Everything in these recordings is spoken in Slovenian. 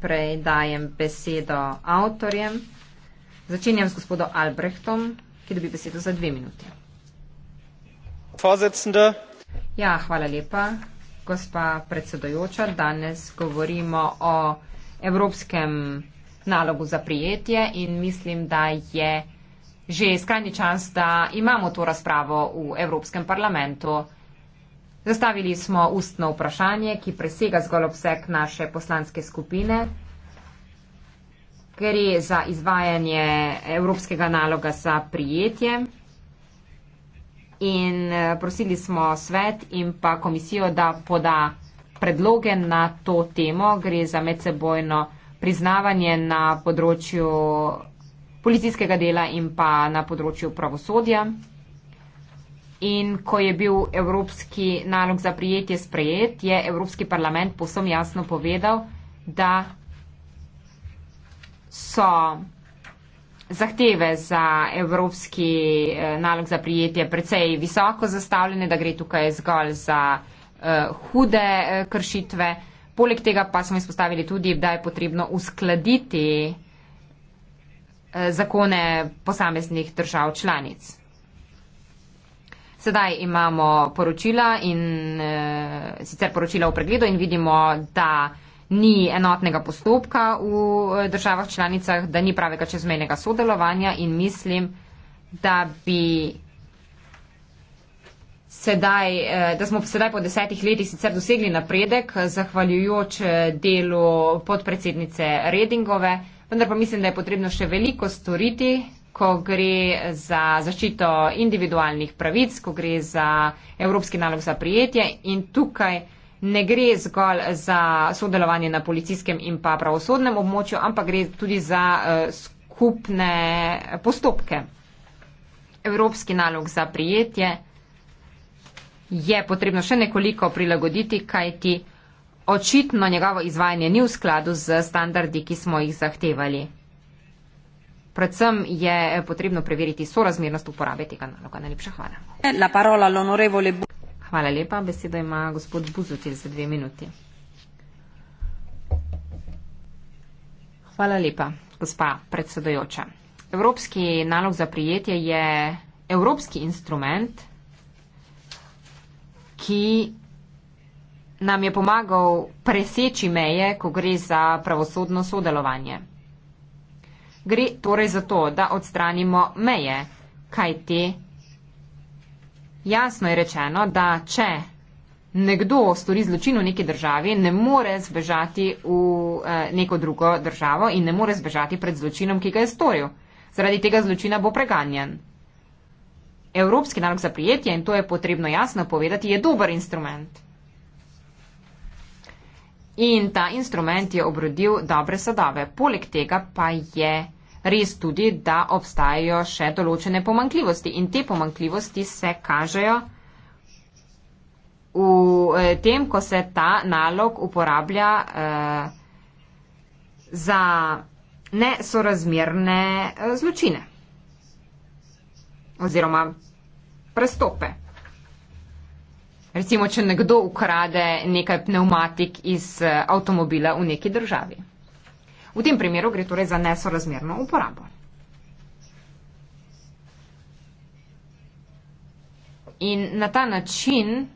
prej dajem besedo avtorjem. Začenjam s gospodom Albrehtom, ki dobi besedo za dve minuti. Ja, hvala lepa, gospa predsedojoča. Danes govorimo o evropskem nalogu za prijetje in mislim, da je že skrajni čas, da imamo to razpravo v Evropskem parlamentu. Zastavili smo ustno vprašanje, ki presega zgolj obseg naše poslanske skupine, ker je za izvajanje evropskega naloga za prijetje. In eh, prosili smo svet in pa komisijo, da poda predloge na to temo. Gre za medsebojno priznavanje na področju policijskega dela in pa na področju pravosodja. In ko je bil evropski nalog za prijetje sprejet, je Evropski parlament posem jasno povedal, da so zahteve za evropski eh, nalog za prijetje precej visoko zastavljene, da gre tukaj zgolj za uh, hude uh, kršitve. Poleg tega pa smo izpostavili tudi, da je potrebno uskladiti uh, zakone posameznih držav članic. Sedaj imamo poročila in e, sicer poročila v pregledu in vidimo, da ni enotnega postopka v eh, državah članicah, da ni pravega čezmejnega sodelovanja in mislim, da bi sedaj, e, da smo sedaj po desetih letih sicer dosegli napredek, zahvaljujoč delu podpredsednice Redingove, vendar pa mislim, da je potrebno še veliko storiti ko gre za zaščito individualnih pravic, ko gre za evropski nalog za prijetje in tukaj ne gre zgolj za sodelovanje na policijskem in pa pravosodnem območju, ampak gre tudi za eh, skupne postopke. Evropski nalog za prijetje je potrebno še nekoliko prilagoditi, kajti očitno njegovo izvajanje ni v skladu z standardi, ki smo jih zahtevali. Predvsem je eh, potrebno preveriti sorazmernost uporabe tega naloga. Najlepša hvala. Hvala lepa. Besedo ima gospod Buzutil za dve minuti. Hvala lepa, gospa predsedojoča. Evropski nalog za prijetje je evropski instrument, ki nam je pomagal preseči meje, ko gre za pravosodno sodelovanje. Gre torej za to, da odstranimo meje, kaj te. Jasno je rečeno, da če nekdo stori zločin v neki državi, ne more zbežati v eh, neko drugo državo in ne more zbežati pred zločinom, ki ga je storil. Zaradi tega zločina bo preganjen. Evropski nalog za prijetje, in to je potrebno jasno povedati, je dober instrument. In ta instrument je obrodil dobre sadove. Poleg tega pa je res tudi, da obstajajo še določene pomankljivosti in te pomankljivosti se kažejo v eh, tem, ko se ta nalog uporablja eh, za nesorazmerne eh, zločine oziroma prestope. Recimo, če nekdo ukrade nekaj pneumatik iz eh, avtomobila v neki državi. V tem primeru gre torej za nesorazmerno uporabo. In na ta način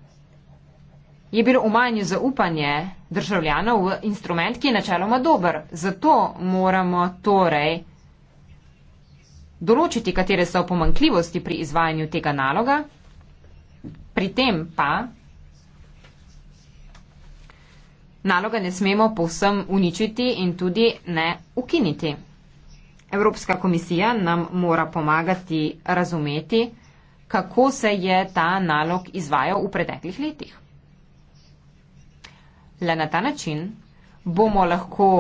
je bilo umanjeno zaupanje državljanov v instrument, ki je načeloma dober. Zato moramo torej določiti, katere so pomankljivosti pri izvajanju tega naloga, pri tem pa naloga ne smemo povsem uničiti in tudi ne ukiniti. Evropska komisija nam mora pomagati razumeti, kako se je ta nalog izvajal v preteklih letih. Le na ta način bomo lahko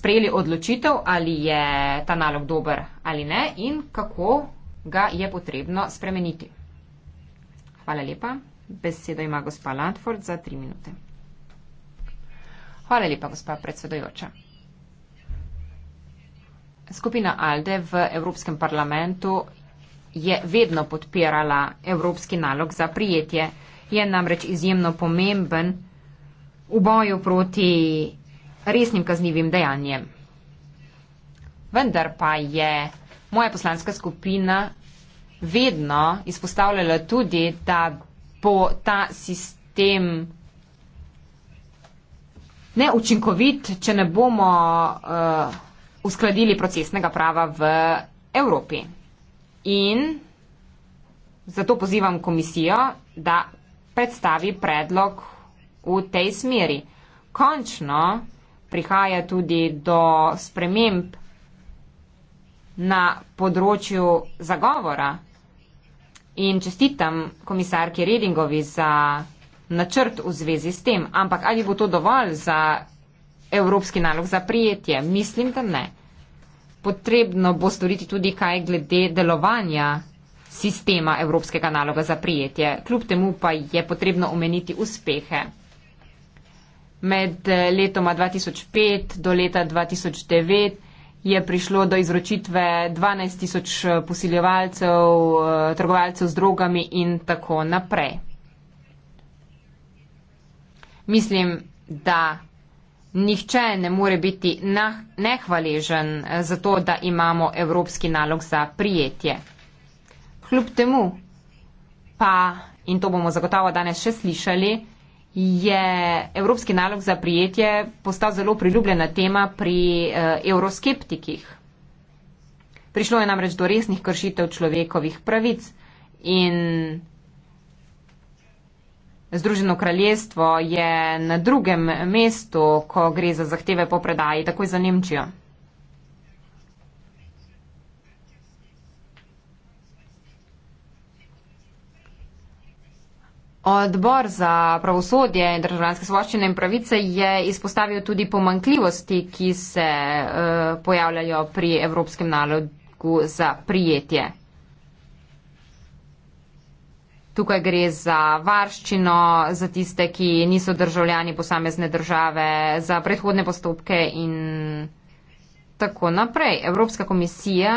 sprejeli odločitev, ali je ta nalog dober ali ne in kako ga je potrebno spremeniti. Hvala lepa. Besedo ima gospa Landford za tri minute. Hvala lepa, gospa predsedojoča. Skupina Alde v Evropskem parlamentu je vedno podpirala evropski nalog za prijetje. Je namreč izjemno pomemben v boju proti resnim kaznivim dejanjem. Vendar pa je moja poslanska skupina vedno izpostavljala tudi, da bo ta sistem neučinkovit, če ne bomo uh, uskladili procesnega prava v Evropi. In zato pozivam komisijo, da predstavi predlog v tej smeri. Končno prihaja tudi do sprememb na področju zagovora. In čestitam komisarki Redingovi za načrt v zvezi s tem, ampak ali bo to dovolj za evropski nalog za prijetje? Mislim, da ne. Potrebno bo storiti tudi kaj glede delovanja sistema evropskega naloga za prijetje. Kljub temu pa je potrebno omeniti uspehe. Med letoma 2005 do leta 2009 je prišlo do izročitve 12 tisoč posiljevalcev, eh, trgovalcev z drogami in tako naprej mislim, da nihče ne more biti nehvaležen eh, za to, da imamo evropski nalog za prijetje. Kljub temu pa, in to bomo zagotovo danes še slišali, je evropski nalog za prijetje postal zelo priljubljena tema pri eh, euroskeptikih. Prišlo je namreč do resnih kršitev človekovih pravic in Združeno kraljestvo je na drugem mestu, ko gre za zahteve po predaji, takoj za Nemčijo. Odbor za pravosodje, državljanske svoščine in pravice je izpostavil tudi pomankljivosti, ki se uh, pojavljajo pri evropskem nalogu za prijetje. Tukaj gre za varščino, za tiste, ki niso državljani posamezne države, za predhodne postopke in tako naprej. Evropska komisija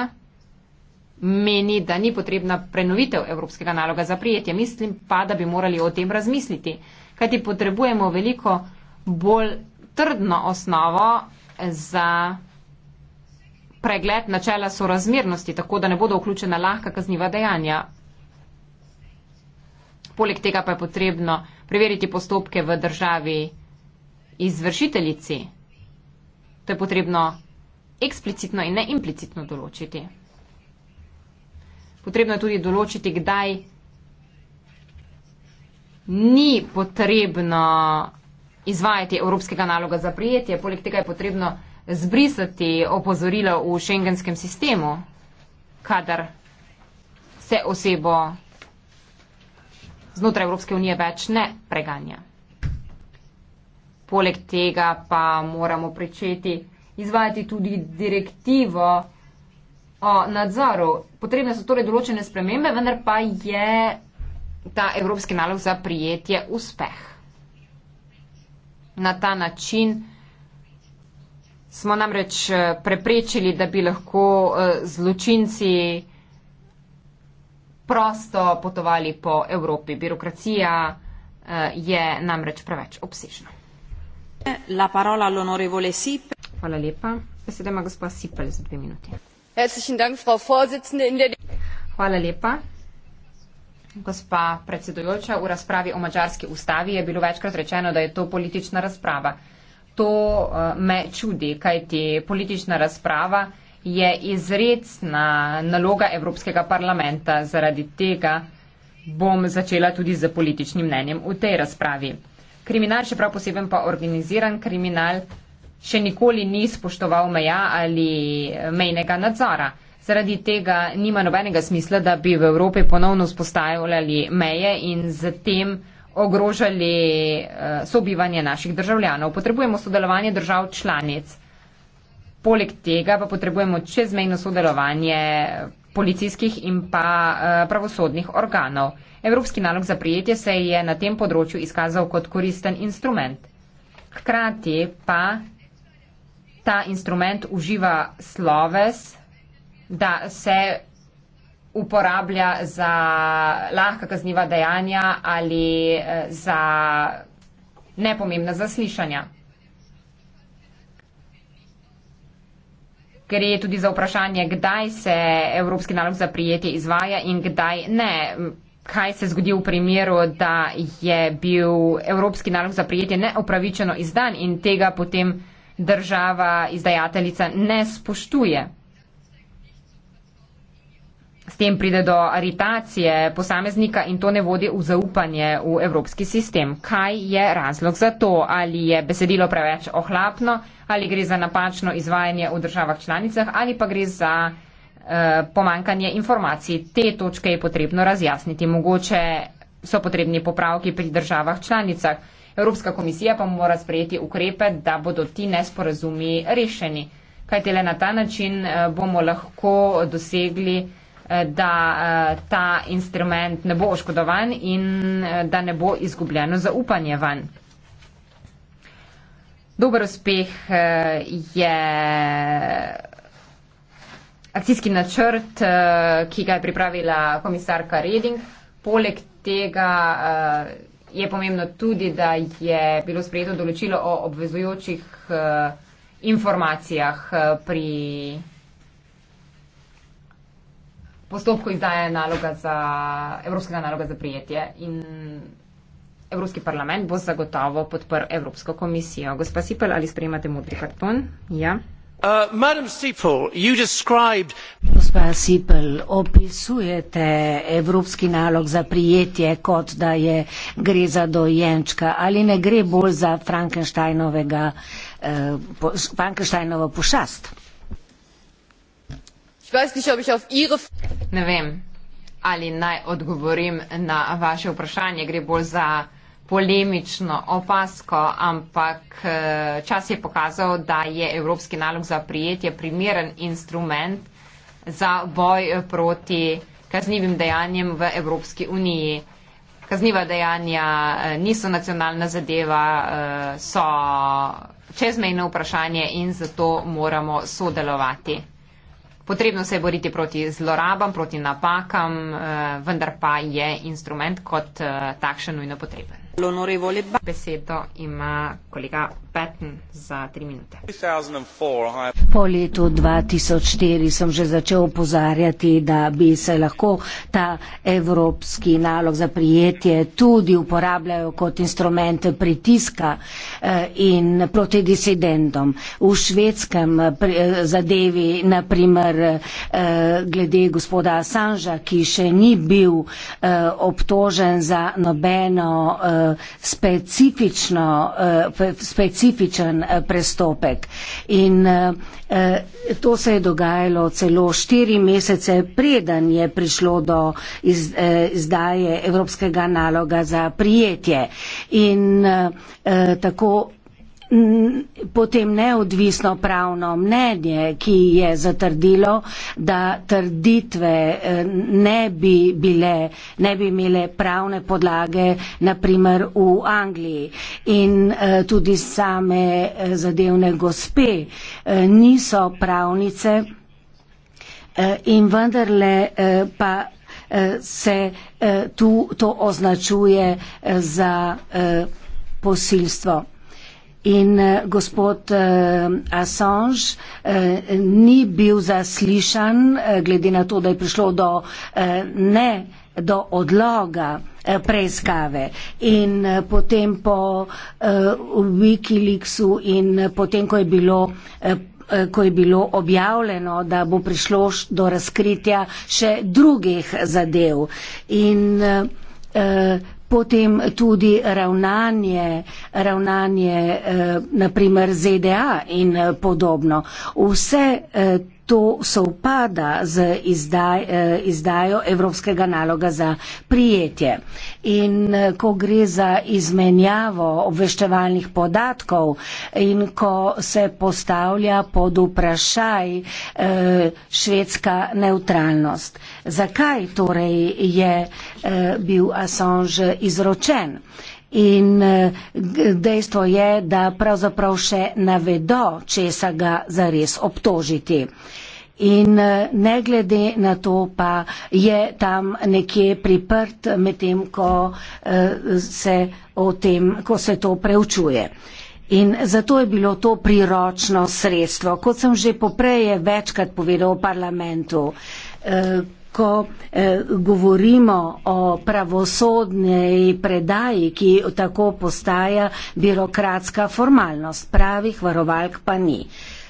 meni, da ni potrebna prenovitev evropskega naloga za prijetje. Mislim pa, da bi morali o tem razmisliti, kajti potrebujemo veliko bolj trdno osnovo za pregled načela sorazmernosti, tako da ne bodo vključena lahka kazniva dejanja poleg tega pa je potrebno preveriti postopke v državi izvršiteljici. To je potrebno eksplicitno in ne implicitno določiti. Potrebno je tudi določiti, kdaj ni potrebno izvajati evropskega naloga za prijetje. Poleg tega je potrebno zbrisati opozorila v šengenskem sistemu, kadar se osebo znotraj Evropske unije več ne preganja. Poleg tega pa moramo pričeti izvajati tudi direktivo o nadzoru. Potrebne so torej določene spremembe, vendar pa je ta evropski nalog za prijetje uspeh. Na ta način smo namreč eh, preprečili, da bi lahko eh, zločinci prosto potovali po Evropi. Birokracija eh, je namreč preveč obsežna. Hvala lepa. Besede ima gospod Sipel za dve minuti. Hvala lepa. Gospa predsedujoča, v razpravi o mačarski ustavi je bilo večkrat rečeno, da je to politična razprava. To uh, me čudi, kajti politična razprava uh, je izredna naloga Evropskega parlamenta. Zaradi tega bom začela tudi z političnim mnenjem v tej razpravi. Kriminal, še prav poseben pa organiziran kriminal, še nikoli ni spoštoval meja ali mejnega nadzora. Zaradi tega nima nobenega smisla, da bi v Evropi ponovno vzpostavljali meje in z tem ogrožali eh, sobivanje naših državljanov. Potrebujemo sodelovanje držav članic. Poleg tega pa potrebujemo čezmejno sodelovanje policijskih in pa eh, pravosodnih organov. Evropski nalog za prijetje se je na tem področju izkazal kot koristen instrument. Hkrati pa ta instrument uživa sloves, da se uporablja za lahka kazniva dejanja ali eh, za nepomembna zaslišanja. gre tudi za vprašanje, kdaj se Evropski nalog za prijetje izvaja in kdaj ne. Kaj se zgodi v primeru, da je bil Evropski nalog za prijetje neopravičeno izdan in tega potem država izdajateljica ne spoštuje? S tem pride do aritacije posameznika in to ne vodi v zaupanje v evropski sistem. Kaj je razlog za to? Ali je besedilo preveč ohlapno, ali gre za napačno izvajanje v državah članicah, ali pa gre za eh, pomankanje informacij. Te točke je potrebno razjasniti. Mogoče so potrebni popravki pri državah članicah. Evropska komisija pa mora sprejeti ukrepe, da bodo ti nesporazumi rešeni. Kaj tele na ta način eh, bomo lahko dosegli? da eh, ta instrument ne bo oškodovan in eh, da ne bo izgubljeno zaupanje van. Dober uspeh eh, je akcijski načrt, ki ga je pripravila komisarka Reding. Poleg tega je pomembno tudi, da je bilo sprejeto določilo o obvezujočih informacijah pri postopku izdaje naloga za, evropskega naloga za prijetje in Evropski parlament bo zagotovo podprl Evropsko komisijo. Gospa Sipel, ali sprejmate modri karton? Ja. Uh, Gospa uh, Sipel, described... opisujete evropski nalog za prijetje kot da je gre za dojenčka ali ne gre bolj za Frankensteinovega, eh, po, Frankensteinovo pošast? Ne vem, ali naj odgovorim na vaše vprašanje. Gre bolj za polemično opasko, ampak eh, čas je pokazal, da je Evropski nalog za prijetje primeren instrument za boj eh, proti kaznivim dejanjem v Evropski uniji. Kazniva dejanja eh, niso nacionalna zadeva, so čezmejno vprašanje in zato moramo sodelovati. Potrebno se je boriti proti zlorabam, proti napakam, eh, vendar pa je instrument kot eh, takšen nujno potreben. Besedo ima kolega Patton za tri minute. Po letu 2004 sem že začel upozarjati, da bi se lahko ta evropski nalog za prijetje tudi uporabljal kot instrument pritiska eh, in proti disidentom. V švedskem eh, zadevi, naprimer eh, glede gospoda Assangea, ki še ni bil obtožen za nobeno specifično, specifično specifičen eh, prestopek. In eh, eh, to se je dogajalo celo štiri mesece, preden je prišlo do izdaje evropskega naloga za prijetje. In tako potem neodvisno pravno mnenje, ki je zatrdilo, da trditve e, ne bi, bile, ne bi imele pravne podlage, naprimer v Angliji. In e, tudi same e, zadevne gospe niso pravnice in vendarle pa se tu to označuje za posilstvo. In uh, gospod uh, Assange uh, ni bil zaslišan, uh, glede na to, da je prišlo do uh, ne do odloga preiskave in potem po uh, Wikileaksu in potem, ko je, bilo, uh, ko je bilo objavljeno, da bo prišlo do razkritja še drugih zadev. In uh, potem tudi ravnanje, ravnanje eh, naprimer ZDA in eh, podobno. Vse eh, to sovpada z izdaj, eh, izdajo Evropskega naloga za prijetje. In eh, ko gre za izmenjavo obveščevalnih podatkov in ko se postavlja pod vprašaj eh, švedska neutralnost, zakaj torej je bil Assange izročen? In eh, dejstvo je, da pravzaprav še navedo, če se ga zares obtožiti. In eh, ne glede na to pa je tam nekje priprt med tem, ko eh, se, tem, ko se to preučuje. In zato je bilo to priročno sredstvo. Kot sem že poprej večkrat povedal v parlamentu, ko eh, govorimo o pravosodnej predaji, ki tako postaja birokratska formalnost, pravih varovalk pa ni.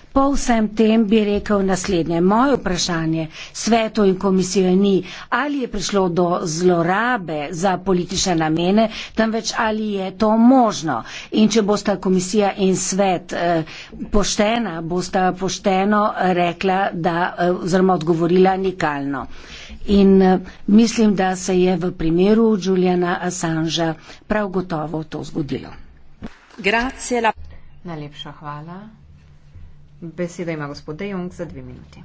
Po vsem tem bi rekel naslednje. Moje vprašanje svetu in komisijo ni, ali je prišlo do zlorabe za politične namene, temveč ali je to možno. In če bosta komisija in svet eh, poštena, bosta pošteno rekla, da, eh, oziroma odgovorila nikalno. Eh, in eh, mislim, da se je v primeru Juliana Assangea prav gotovo to zgodilo. La... Najlepša hvala. Beseda ima gospod De Jong za dve minuti.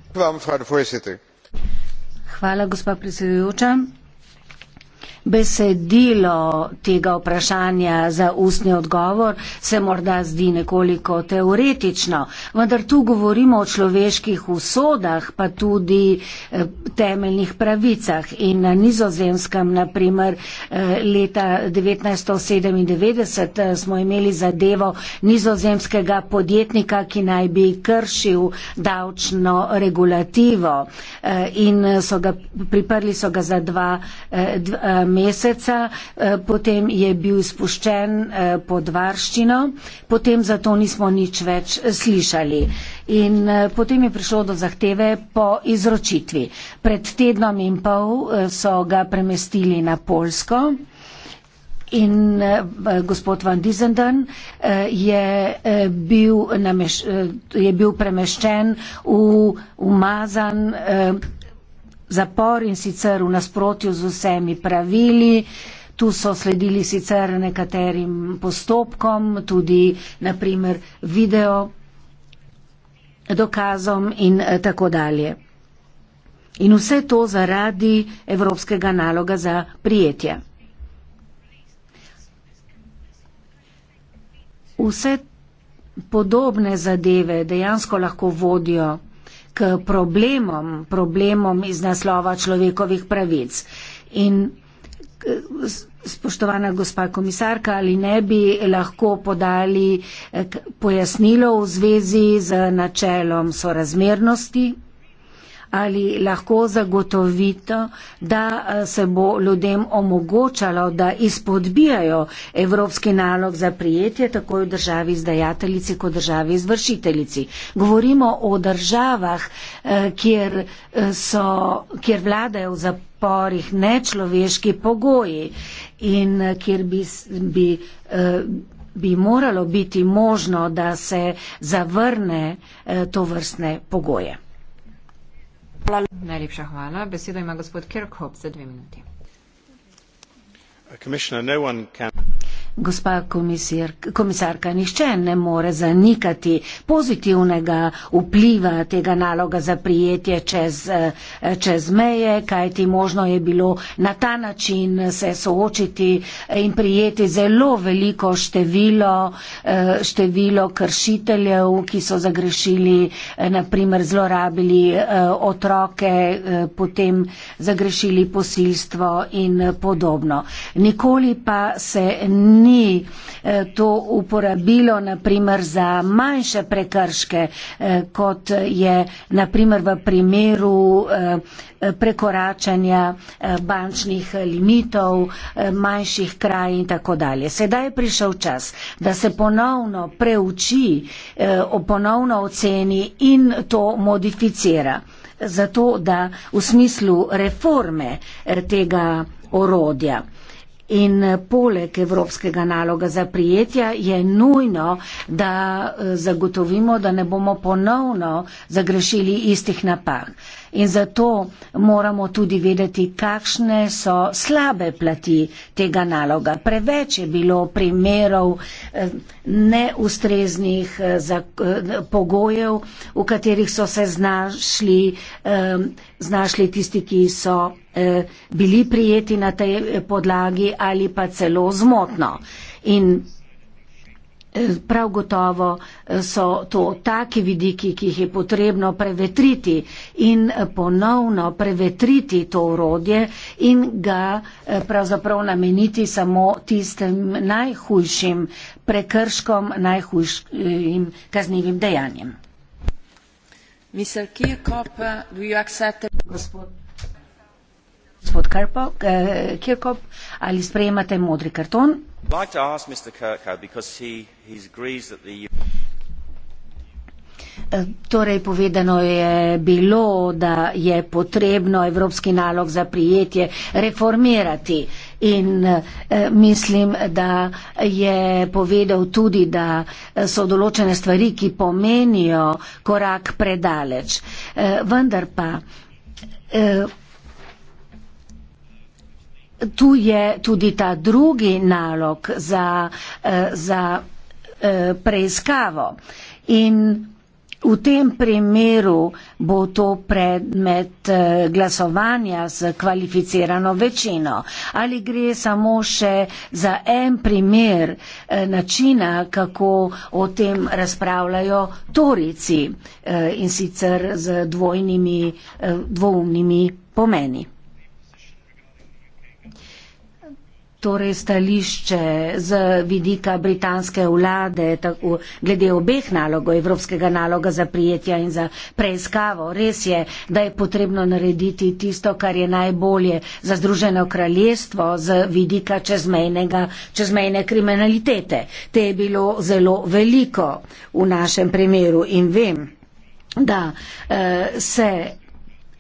Hvala, gospa predsedujoča besedilo tega vprašanja za ustni odgovor se morda zdi nekoliko teoretično, vendar tu govorimo o človeških usodah, pa tudi eh, temeljnih pravicah. In na nizozemskem, naprimer, eh, leta 1997 eh, smo imeli zadevo nizozemskega podjetnika, ki naj bi kršil davčno regulativo in so ga, priprli so ga za dva. Dv, meseca, eh, potem je bil spuščen eh, pod varščino, potem zato nismo nič več eh, slišali. In potem je prišlo do zahteve po izročitvi. Pred tednom in pol so ga premestili na Polsko in gospod Van Dizendan je bil, je bil premeščen v umazan zapor in sicer v nasprotju z vsemi pravili. Tu so sledili sicer nekaterim postopkom, tudi naprimer video dokazom in eh, tako dalje. In vse to zaradi evropskega naloga za prijetje. Vse podobne zadeve dejansko lahko vodijo k problemom, problemom iz naslova človekovih pravic. In spoštovana gospa komisarka, ali ne bi lahko podali eh, pojasnilo v zvezi z načelom sorazmernosti? ali lahko zagotovite, da eh, se bo ljudem omogočalo, da izpodbijajo evropski nalog za prijetje tako v državi izdajateljici kot državi izvršiteljici. Govorimo o državah, eh, kjer, eh, so, kjer vladajo v zaporih nečloveški pogoji in kjer bi. bi bi moralo biti možno, da se zavrne to vrstne pogoje. Hvala. Najlepša hvala. Besedo ima gospod Kirkhope za dve minuti. Gospa komisarka, nišče ne more zanikati pozitivnega vpliva tega naloga za prijetje čez, eh, čez meje, kajti možno je bilo na ta način se soočiti in prijeti zelo veliko število, eh, število kršiteljev, ki so zagrešili, eh, naprimer zlorabili otroke, potem zagrešili posilstvo in podobno. Nikoli pa se ni ni eh, to uporabilo naprimer za manjše prekrške, eh, kot je naprimer v primeru eh, prekoračanja bančnih limitov, manjših kraj in tako dalje. Sedaj je prišel čas, da se ponovno preuči, ponovno oceni in to modificira. Zato, da v smislu reforme tega orodja. In eh, poleg evropskega naloga za prijetja je nujno, da eh, zagotovimo, da ne bomo ponovno zagrešili istih napak. In zato moramo tudi vedeti, kakšne so slabe plati tega naloga. Preveč je bilo primerov eh, neustreznih eh, eh, pogojev, v katerih so se znašli, znašli tisti, ki so bili prijeti na tej podlagi ali pa celo zmotno. In prav gotovo eh, so to taki vidiki, ki jih je potrebno prevetriti in eh, ponovno prevetriti to urodje in ga eh, pravzaprav nameniti samo tistem najhujšim prekrškom, najhujšim kaznivim dejanjem. Mr. Kirchhoff, do you accept it? Gospod gospod Kirko, uh, eh, Kirkop, ali sprejemate modri karton? Eh, torej, povedano je bilo, da je potrebno evropski nalog za prijetje reformirati in eh, mislim, da je povedal tudi, da eh, so določene stvari, ki pomenijo korak predaleč. Eh, vendar pa. Eh, tu je tudi ta drugi nalog za, eh, za eh, preiskavo. In v tem primeru bo to predmet eh, glasovanja z kvalificirano večino. Ali gre samo še za en primer načina, kako o tem razpravljajo torici in sicer z dvojnimi, dvoumnimi pomeni. torej stališče z vidika britanske vlade tako, glede obeh nalogov, evropskega naloga za prijetja in za preiskavo. Res je, da je potrebno narediti tisto, kar je najbolje za Združeno kraljestvo z vidika čezmejnega, čezmejne kriminalitete. Te je bilo zelo veliko v našem primeru in vem, da eh, se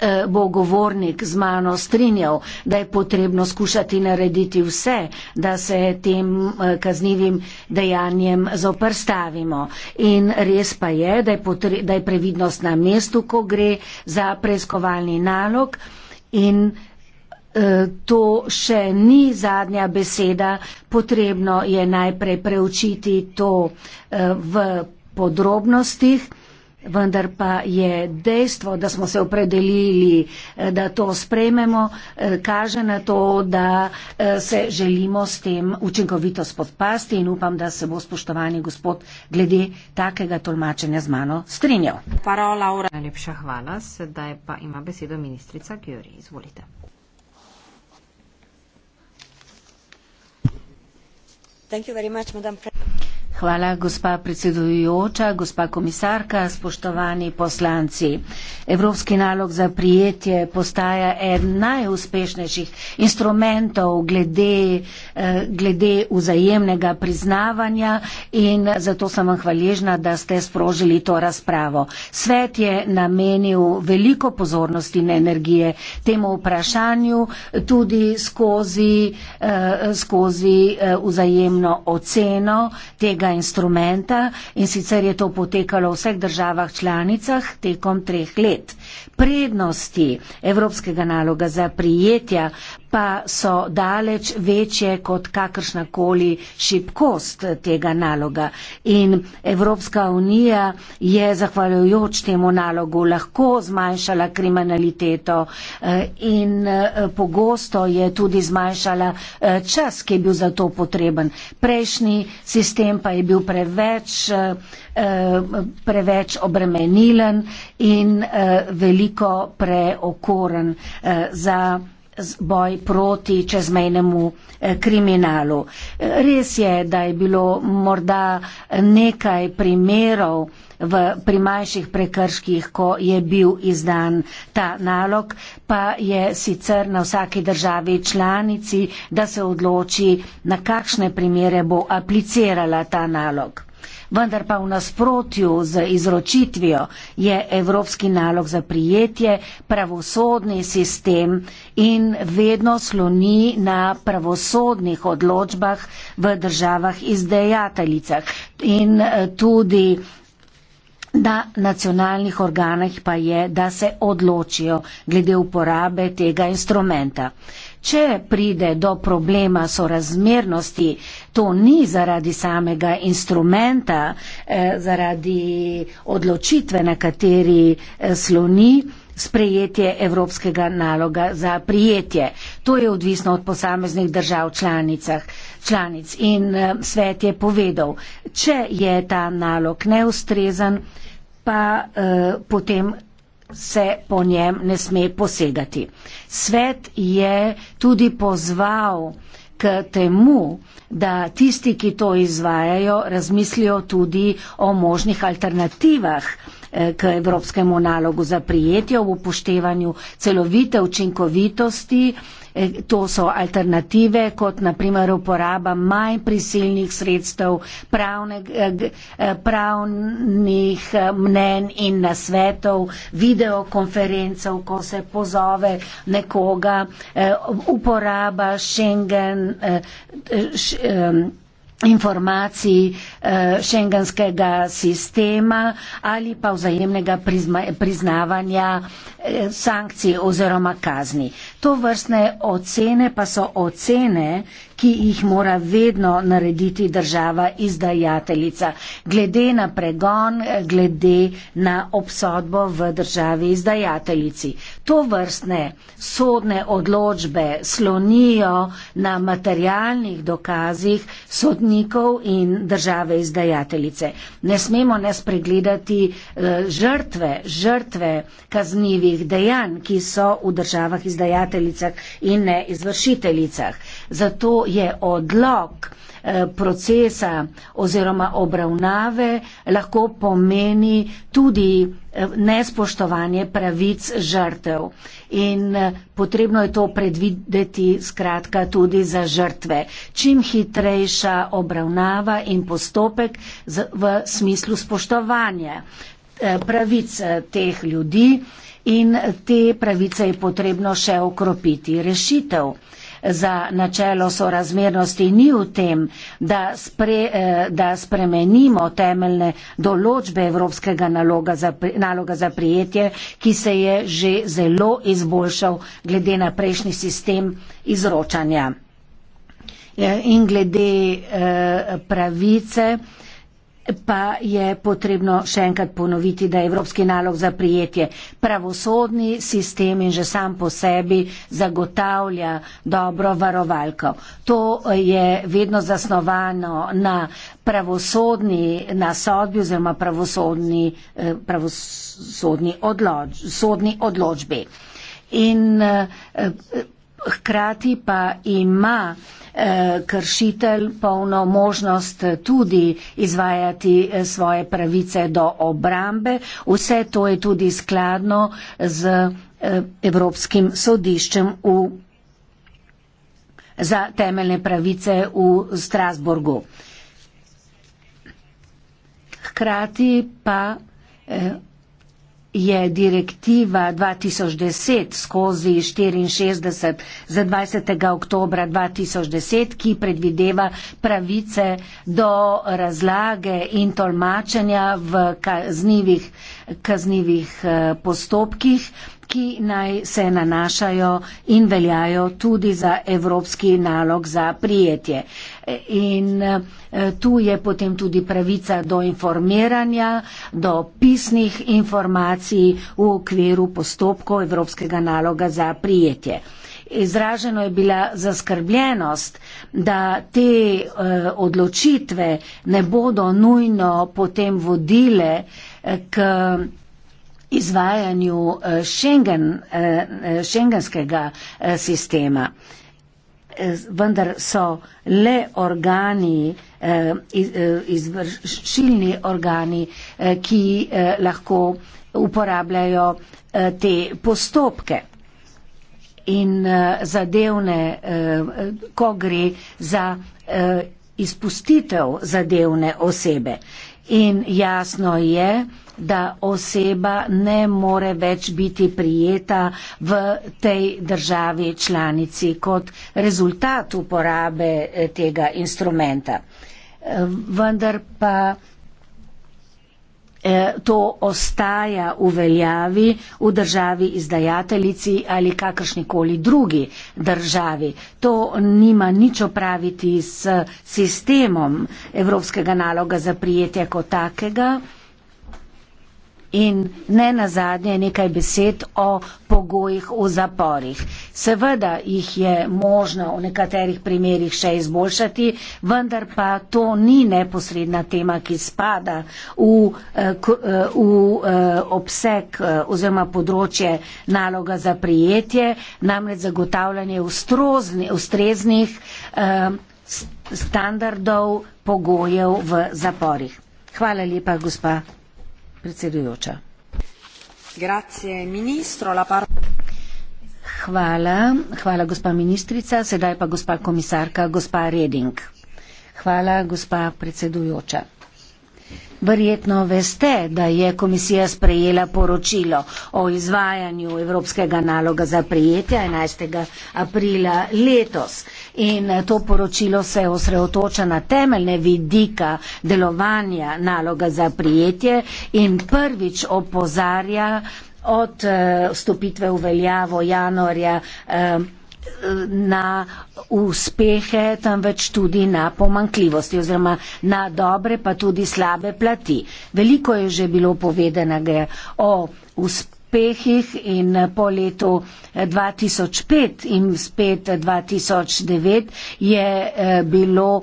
Eh, bo govornik z mano strinjal, da je potrebno skušati narediti vse, da se tem eh, kaznivim dejanjem zoprstavimo. In res pa je, da je, potre, da je previdnost na mestu, ko gre za preiskovalni nalog in eh, To še ni zadnja beseda, potrebno je najprej preučiti to v podrobnostih. Vendar pa je dejstvo, da smo se opredelili, eh, da to sprememo, eh, kaže na to, da eh, se želimo s tem učinkovito spodpasti in upam, da se bo spoštovani gospod glede takega tolmačenja z mano strinjal. Najlepša hvala, sedaj pa ima besedo ministrica Gjuri. Izvolite. Thank you very much, Madam President. Hvala, gospa predsedujoča, gospa komisarka, spoštovani poslanci. Evropski nalog za prijetje postaja eden najuspešnejših instrumentov glede, eh, glede vzajemnega priznavanja in zato sem vam hvaležna, da ste sprožili to razpravo. Svet je namenil veliko pozornosti in energije temu vprašanju tudi skozi, eh, skozi eh, vzajemno oceno tega tega instrumenta in sicer je to potekalo v vseh državah članicah tekom treh let. Prednosti evropskega naloga za prijetja pa so daleč večje kot kakršnakoli šibkost tega naloga. In Evropska unija je zahvaljujoč temu nalogu lahko zmanjšala kriminaliteto eh, in eh, pogosto je tudi zmanjšala eh, čas, ki je bil za to potreben. Prejšnji sistem pa je bil preveč, preveč obremenilen in veliko preokoren za boj proti čezmejnemu eh, kriminalu. Res je, da je bilo morda nekaj primerov v primajših prekrških, ko je bil izdan ta nalog, pa je sicer na vsaki državi članici, da se odloči, na kakšne primere bo aplicirala ta nalog. Vendar pa v nasprotju z izročitvijo je evropski nalog za prijetje pravosodni sistem in vedno sloni na pravosodnih odločbah v državah izdejateljicah in eh, tudi na nacionalnih organih pa je, da se odločijo glede uporabe tega instrumenta. Če pride do problema sorazmernosti, to ni zaradi samega instrumenta, eh, zaradi odločitve, na kateri eh, sloni sprejetje evropskega naloga za prijetje. To je odvisno od posameznih držav članicah, članic in eh, svet je povedal, če je ta nalog neustrezan, pa eh, potem se po njem ne sme posegati. Svet je tudi pozval k temu, da tisti, ki to izvajajo, razmislijo tudi o možnih alternativah k evropskemu nalogu za prijetje v upoštevanju celovite učinkovitosti. E, to so alternative, kot naprimer uporaba manj prisilnih sredstev, pravne, e, pravnih e, mnen in nasvetov, videokonferencev, ko se pozove nekoga, uporaba Schengen, š, informacij eh, šengenskega sistema ali pa vzajemnega prizna, priznavanja eh, sankcij oziroma kazni. To vrstne ocene pa so ocene, ki jih mora vedno narediti država izdajateljica, glede na pregon, glede na obsodbo v državi izdajateljici. To vrstne sodne odločbe slonijo na materialnih dokazih sodnikov in države izdajateljice. Ne smemo ne spregledati eh, žrtve, žrtve kaznjivih dejanj, ki so v državah izdajateljice vzgajateljicah in ne izvršiteljicah. Zato je odlog eh, procesa oziroma obravnave lahko pomeni tudi eh, nespoštovanje pravic žrtev. In eh, potrebno je to predvideti skratka tudi za žrtve. Čim hitrejša obravnava in postopek v smislu spoštovanja pravic teh ljudi, in te pravice je potrebno še okropiti. Rešitev za načelo sorazmernosti ni v tem, da, spre, eh, da spremenimo temeljne določbe Evropskega naloga za, naloga za prijetje, ki se je že zelo izboljšal glede na prejšnji sistem izročanja. Ja, in glede eh, pravice, pa je potrebno še enkrat ponoviti, da je evropski nalog za prijetje pravosodni sistem in že sam po sebi zagotavlja dobro varovalko. To je vedno zasnovano na pravosodni nasodbi oziroma pravosodni, eh, pravosodni odloč, sodni odločbi. In eh, hkrati pa ima eh, kršitelj polno možnost tudi izvajati eh, svoje pravice do obrambe. Vse to je tudi skladno z eh, Evropskim sodiščem v, za temeljne pravice v Strasburgu. Hkrati pa. Eh, je direktiva 2010 skozi 64 za 20. oktober 2010, ki predvideva pravice do razlage in tolmačenja v kaznivih, kaznivih eh, postopkih ki naj se nanašajo in veljajo tudi za evropski nalog za prijetje. In e, tu je potem tudi pravica do informiranja, do pisnih informacij v okviru postopkov evropskega naloga za prijetje. Izraženo je bila zaskrbljenost, da te e, odločitve ne bodo nujno potem vodile e, k izvajanju šengen, eh, šengenskega eh, eh, sistema. Vendar so le organi, izvršilni organi, ki lahko uporabljajo te postopke in zadevne, ko gre za izpustitev zadevne osebe. In jasno je, da oseba ne more več biti prijeta v tej državi članici kot rezultat uporabe eh, tega instrumenta. Eh, vendar pa Eh, to ostaja v veljavi v državi izdajateljici ali kakršnikoli drugi državi. To nima nič opraviti s sistemom evropskega naloga za prijetje kot takega in ne nazadnje nekaj besed o pogojih v zaporih. Seveda jih je možno v nekaterih primerjih še izboljšati, vendar pa to ni neposredna tema, ki spada v, eh, eh, v eh, obseg oziroma področje naloga za prijetje, namreč zagotavljanje ustreznih standardov pogojev v zaporih. Hvala lepa, gospa predsedujoča. Hvala, hvala gospa ministrica, sedaj pa gospa komisarka, gospa Reding. Hvala, gospa predsedujoča. Verjetno veste, da je komisija sprejela poročilo o izvajanju evropskega naloga za prijetje 11. aprila letos in eh, to poročilo se osredotoča na temeljne vidika delovanja naloga za prijetje in prvič opozarja od eh, vstopitve v veljavo januarja eh, na uspehe, temveč tudi na pomankljivosti oziroma na dobre pa tudi slabe plati. Veliko je že bilo povedanega o uspehe uspehih in eh, po letu 2005 eh, in spet 2009 eh, je bilo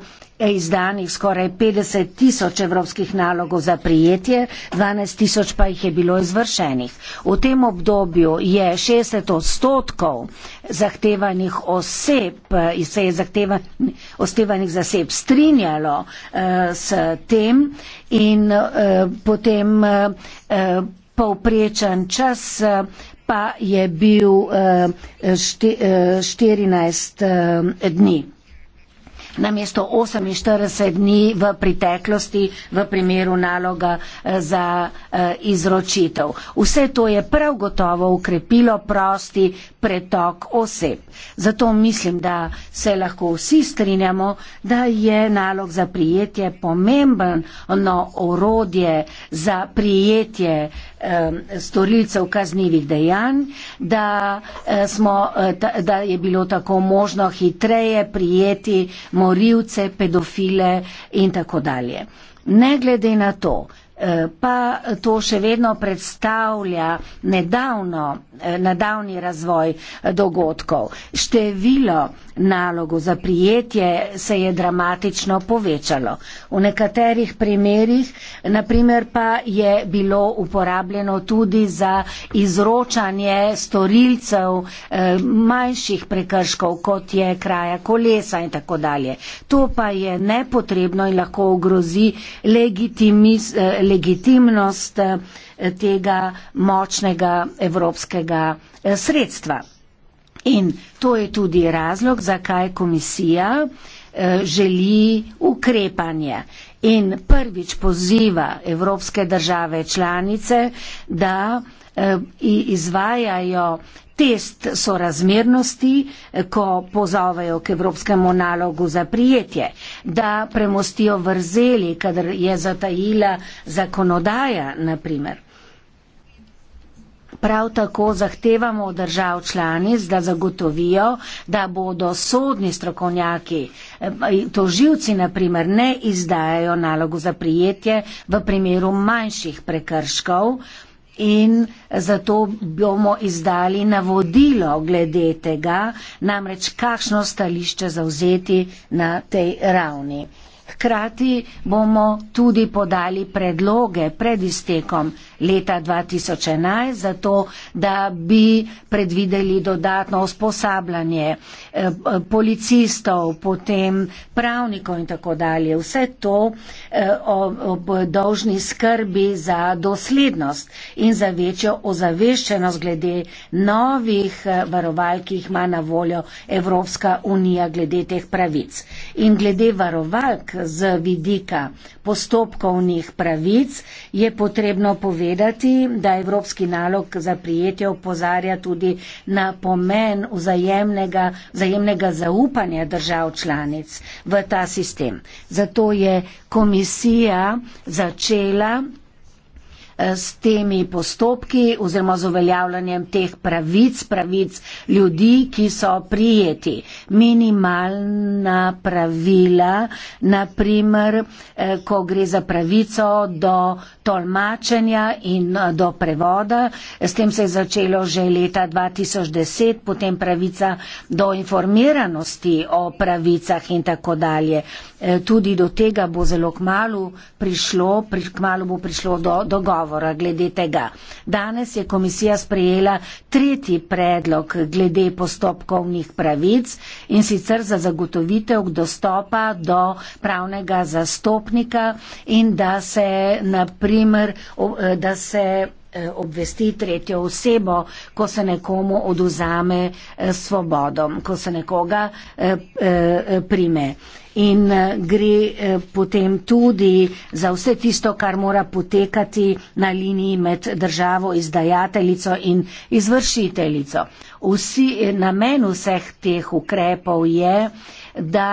izdanih skoraj 50 tisoč evropskih nalogov za prijetje, 12 tisoč pa jih je bilo izvršenih. V tem obdobju je 60 odstotkov zahtevanih oseb, se je zahtevanih zaseb strinjalo uh, s tem in uh, potem uh, povprečen čas eh, pa je bil 14 eh, eh, dni namesto 48 dni v priteklosti v primeru naloga za izročitev. Vse to je prav gotovo ukrepilo prosti pretok oseb. Zato mislim, da se lahko vsi strinjamo, da je nalog za prijetje pomembno orodje za prijetje eh, storilcev kaznjivih dejanj, da, eh, smo, eh, da je bilo tako možno hitreje prijeti morilce, pedofile in tako dalje. Ne glede na to, eh, pa to še vedno predstavlja nedavno Eh, nadaljni razvoj eh, dogodkov. Število nalogo za prijetje se je dramatično povečalo. V nekaterih primerjih, naprimer pa je bilo uporabljeno tudi za izročanje storilcev eh, manjših prekrškov, kot je kraja kolesa in tako dalje. To pa je nepotrebno in lahko ogrozi legitimnost tega močnega evropskega eh, sredstva. In to je tudi razlog, zakaj komisija eh, želi ukrepanje in prvič poziva evropske države članice, da eh, izvajajo test sorazmernosti, ko pozovejo k evropskemu nalogu za prijetje, da premostijo vrzeli, kadar je zatajila zakonodaja, naprimer prav tako zahtevamo od držav članic, da zagotovijo, da bodo sodni strokovnjaki, eh, toživci naprimer, ne izdajajo nalogu za prijetje v primeru manjših prekrškov. In zato bomo izdali navodilo glede tega, namreč kakšno stališče zauzeti na tej ravni. Hkrati bomo tudi podali predloge pred iztekom leta 2011, zato da bi predvideli dodatno usposabljanje eh, policistov, potem pravnikov in tako dalje. Vse to eh, ob dolžni skrbi za doslednost in za večjo ozaveščenost glede novih eh, varoval, ki jih ima na voljo Evropska unija glede teh pravic. In glede varovalk z vidika postopkovnih pravic je potrebno povedati, povedati, da evropski nalog za prijetje opozarja tudi na pomen vzajemnega, vzajemnega zaupanja držav članic v ta sistem. Zato je komisija začela s temi postopki oziroma z uveljavljanjem teh pravic, pravic ljudi, ki so prijeti. Minimalna pravila, naprimer, eh, ko gre za pravico do tolmačenja in eh, do prevoda, s tem se je začelo že leta 2010, potem pravica do informiranosti o pravicah in tako dalje. Eh, tudi do tega bo zelo kmalo prišlo, kmalo bo prišlo do dogovora dogovora glede tega. Danes je komisija sprejela tretji predlog glede postopkovnih pravic in sicer za zagotovitev dostopa do pravnega zastopnika in da se, naprimer, eh, da se Eh, obvesti tretjo osebo, ko se nekomu oduzame eh, svobodo, ko se nekoga eh, prime. In gre potem tudi za vse tisto, kar mora potekati na liniji med državo izdajateljico in izvršiteljico. Vsi, namen vseh teh ukrepov je, da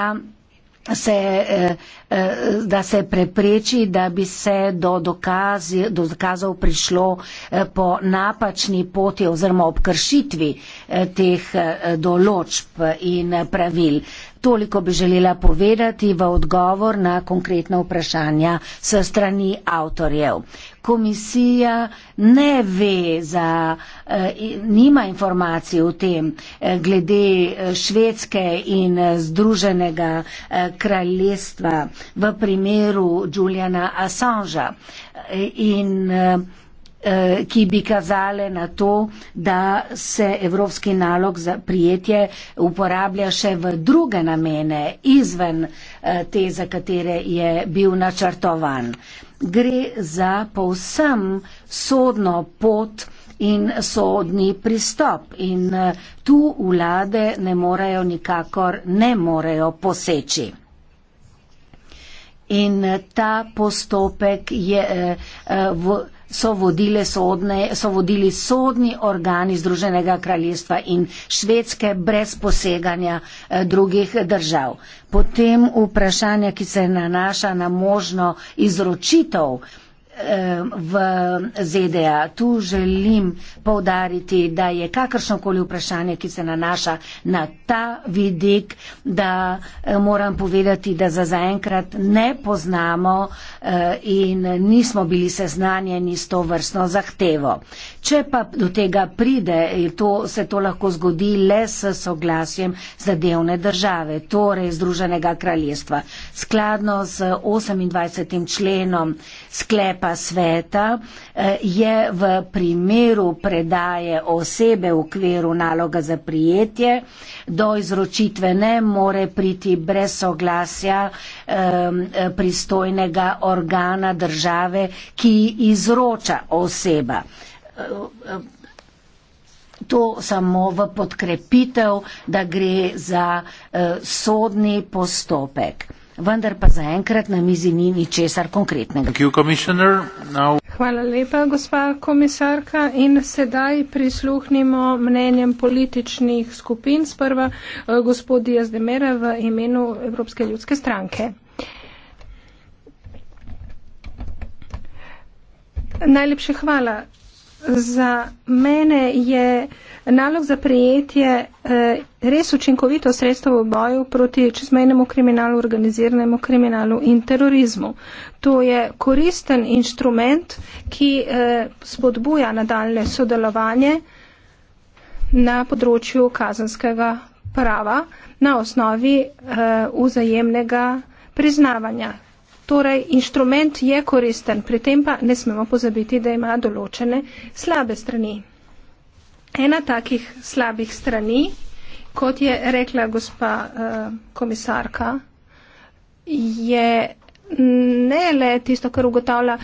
se, eh, eh, da se prepreči, da bi se do, dokaz, do dokazov prišlo eh, po napačni poti oziroma ob kršitvi teh določb in pravil. Toliko bi želela povedati v odgovor na konkretna vprašanja s strani avtorjev komisija ne ve za, eh, nima informacij o tem, eh, glede eh, Švedske in Združenega kraljestva v primeru Juliana Assangea, in, ki bi kazale na to, da se evropski nalog za prijetje uporablja še v druge namene, izven te, za katere je bil načrtovan gre za povsem sodno pot in sodni pristop in eh, tu vlade ne morejo nikakor ne morejo poseči. In eh, ta postopek je eh, eh v so, vodile sodne, so vodili sodni organi Združenega kraljestva in švedske brez poseganja eh, drugih držav. Potem vprašanje, ki se nanaša na možno izročitev v ZDA. Tu želim povdariti, da je kakršnokoli vprašanje, ki se nanaša na ta vidik, da eh, moram povedati, da za zaenkrat ne poznamo eh, in nismo bili seznanjeni s to vrstno zahtevo. Če pa do tega pride, to, se to lahko zgodi le s soglasjem zadevne države, torej Združenega kraljestva. Skladno s 28. členom sklepa pa sveta eh, je v primeru predaje osebe v okviru naloga za prijetje do izročitve ne more priti brez soglasja ehm, pristojnega organa države, ki izroča oseba. To samo v podkrepitev, da gre za eh, sodni postopek vendar pa zaenkrat na mizi ni ničesar konkretnega. You, Hvala lepa, gospa komisarka. In sedaj prisluhnimo mnenjem političnih skupin. Sprva eh, gospod Dijaz Demera v imenu Evropske ljudske stranke. Najlepše hvala. Za mene je nalog za prijetje eh, res učinkovito sredstvo v boju proti čezmejnemu kriminalu, organiziranemu kriminalu in terorizmu. To je koristen inštrument, ki eh, spodbuja nadaljne sodelovanje na področju kazanskega prava na osnovi eh, vzajemnega priznavanja. Torej, inštrument je koristen, pri tem pa ne smemo pozabiti, da ima določene slabe strani. Ena takih slabih strani, kot je rekla gospa uh, komisarka, je ne le tisto, kar ugotavlja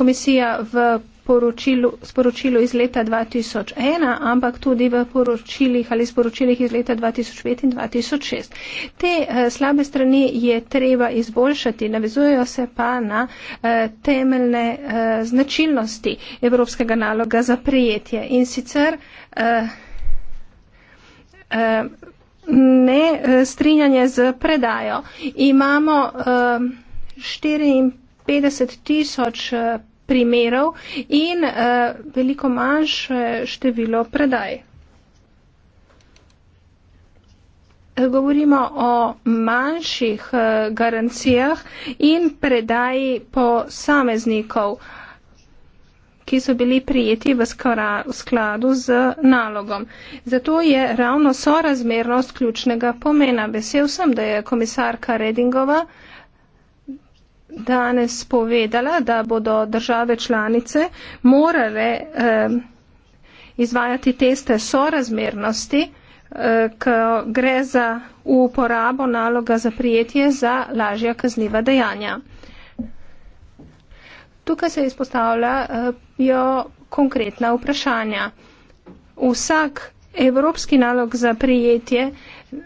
komisija v poročilu, sporočilu iz leta 2001, ampak tudi v poročilih ali sporočilih iz leta 2005 in 2006. Te uh, slabe strani je treba izboljšati, navezujejo se pa na uh, temeljne uh, značilnosti evropskega naloga za prijetje in sicer. Uh, uh, Ne strinjanje z predajo. Imamo um, 54 tisoč primerov in uh, veliko manjše število predaj. Eh, govorimo o manjših uh, garancijah in predaji posameznikov, ki so bili prijeti v, skora, v skladu z nalogom. Zato je ravno sorazmernost ključnega pomena. Vesel sem, da je komisarka Redingova uh, danes povedala, da bodo države članice morale eh, izvajati teste sorazmernosti, eh, ko gre za uporabo naloga za prijetje za lažja kazniva dejanja. Tukaj se izpostavljajo eh, konkretna vprašanja. Vsak evropski nalog za prijetje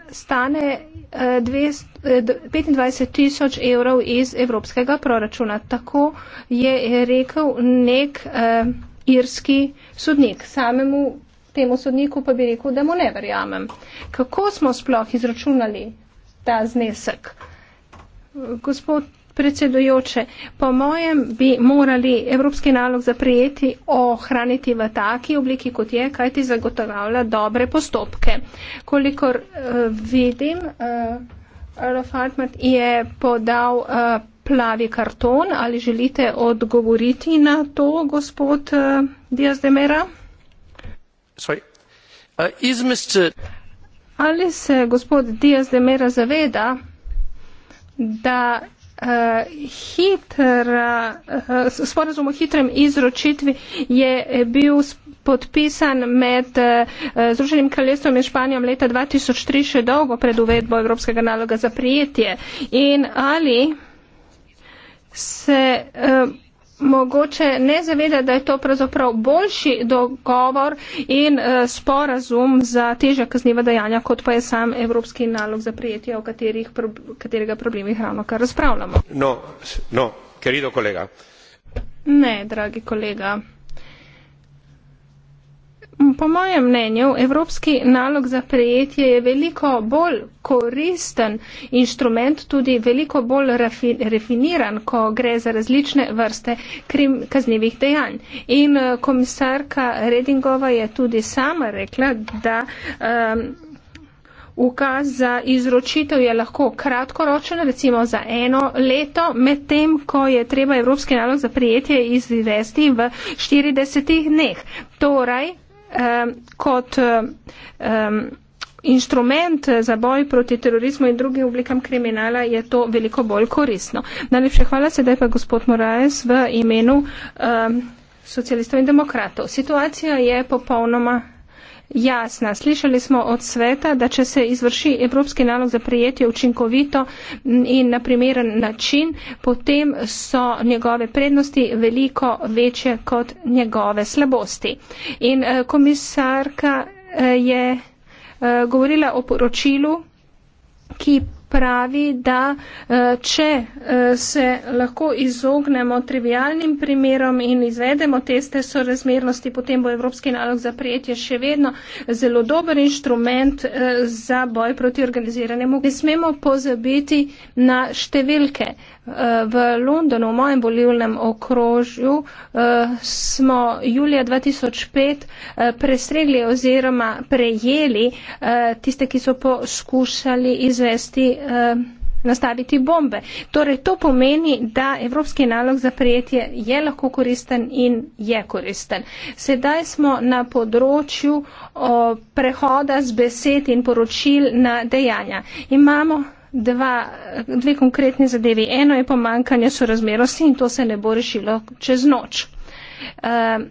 stane 25 eh, eh, tisoč evrov iz evropskega proračuna. Tako je rekel nek uh, irski sodnik. Samemu temu sodniku pa bi rekel, da mu ne verjamem. Kako smo sploh izračunali ta znesek? Gospod predsedujoče, po mojem bi morali evropski nalog za prijeti ohraniti v taki obliki, kot je, kaj ti zagotavlja dobre postopke. Kolikor uh, vidim, Rolf uh, eh, Hartmann je podal uh, plavi karton. Ali želite odgovoriti na to, gospod uh, Diaz de Mera? Uh, Mr... Ali se gospod Diaz de Mera zaveda, da hiter, uh, eh, sporazum o hitrem izročitvi je bil podpisan med uh, Združenim kraljestvom in Španijom leta 2003, še dolgo pred uvedbo Evropskega naloga za prijetje. In ali se uh, mogoče ne zaveda, da je to pravzaprav boljši dogovor in uh, sporazum za teža kazniva dejanja, kot pa je sam evropski nalog za prijetje, o katerih, katerega problemih ravno kar razpravljamo. No, no, kolega. Ne, dragi kolega. Po mojem mnenju, evropski nalog za prejetje je veliko bolj koristen inštrument, tudi veliko bolj rafi, refiniran, ko gre za različne vrste krim, kaznjivih dejanj. In eh, komisarka Redingova je tudi sama rekla, da. Um, Ukaz za izročitev je lahko kratkoročen, recimo za eno leto, medtem ko je treba evropski nalog za prijetje izvesti v 40 dneh. Torej, eh, kot eh, inštrument za boj proti terorizmu in drugim oblikam kriminala je to veliko bolj korisno. Najlepše hvala, sedaj pa gospod Moraes v imenu eh, socialistov in demokratov. Situacija je popolnoma jasna. Slišali smo od sveta, da če se izvrši evropski nalog za prijetje učinkovito in na primeren način, potem so njegove prednosti veliko večje kot njegove slabosti. In eh, komisarka eh, je eh, govorila o poročilu, ki pravi, da eh, če eh, se lahko izognemo trivialnim primerom in izvedemo teste sorazmernosti, potem bo Evropski nalog za prijetje še vedno zelo dober inštrument eh, za boj proti organiziranemu. Ne smemo pozabiti na številke. V Londonu, v mojem bolivnem okrožju, smo julija 2005 prestregli oziroma prejeli tiste, ki so poskušali izvesti Eh, nastaviti bombe. Torej, to pomeni, da evropski nalog za prijetje je lahko koristen in je koristen. Sedaj smo na področju o, prehoda z besed in poročil na dejanja. Imamo dva, dve konkretne zadevi. Eno je pomankanje sorazmerosti in to se ne bo rešilo čez noč. Uh,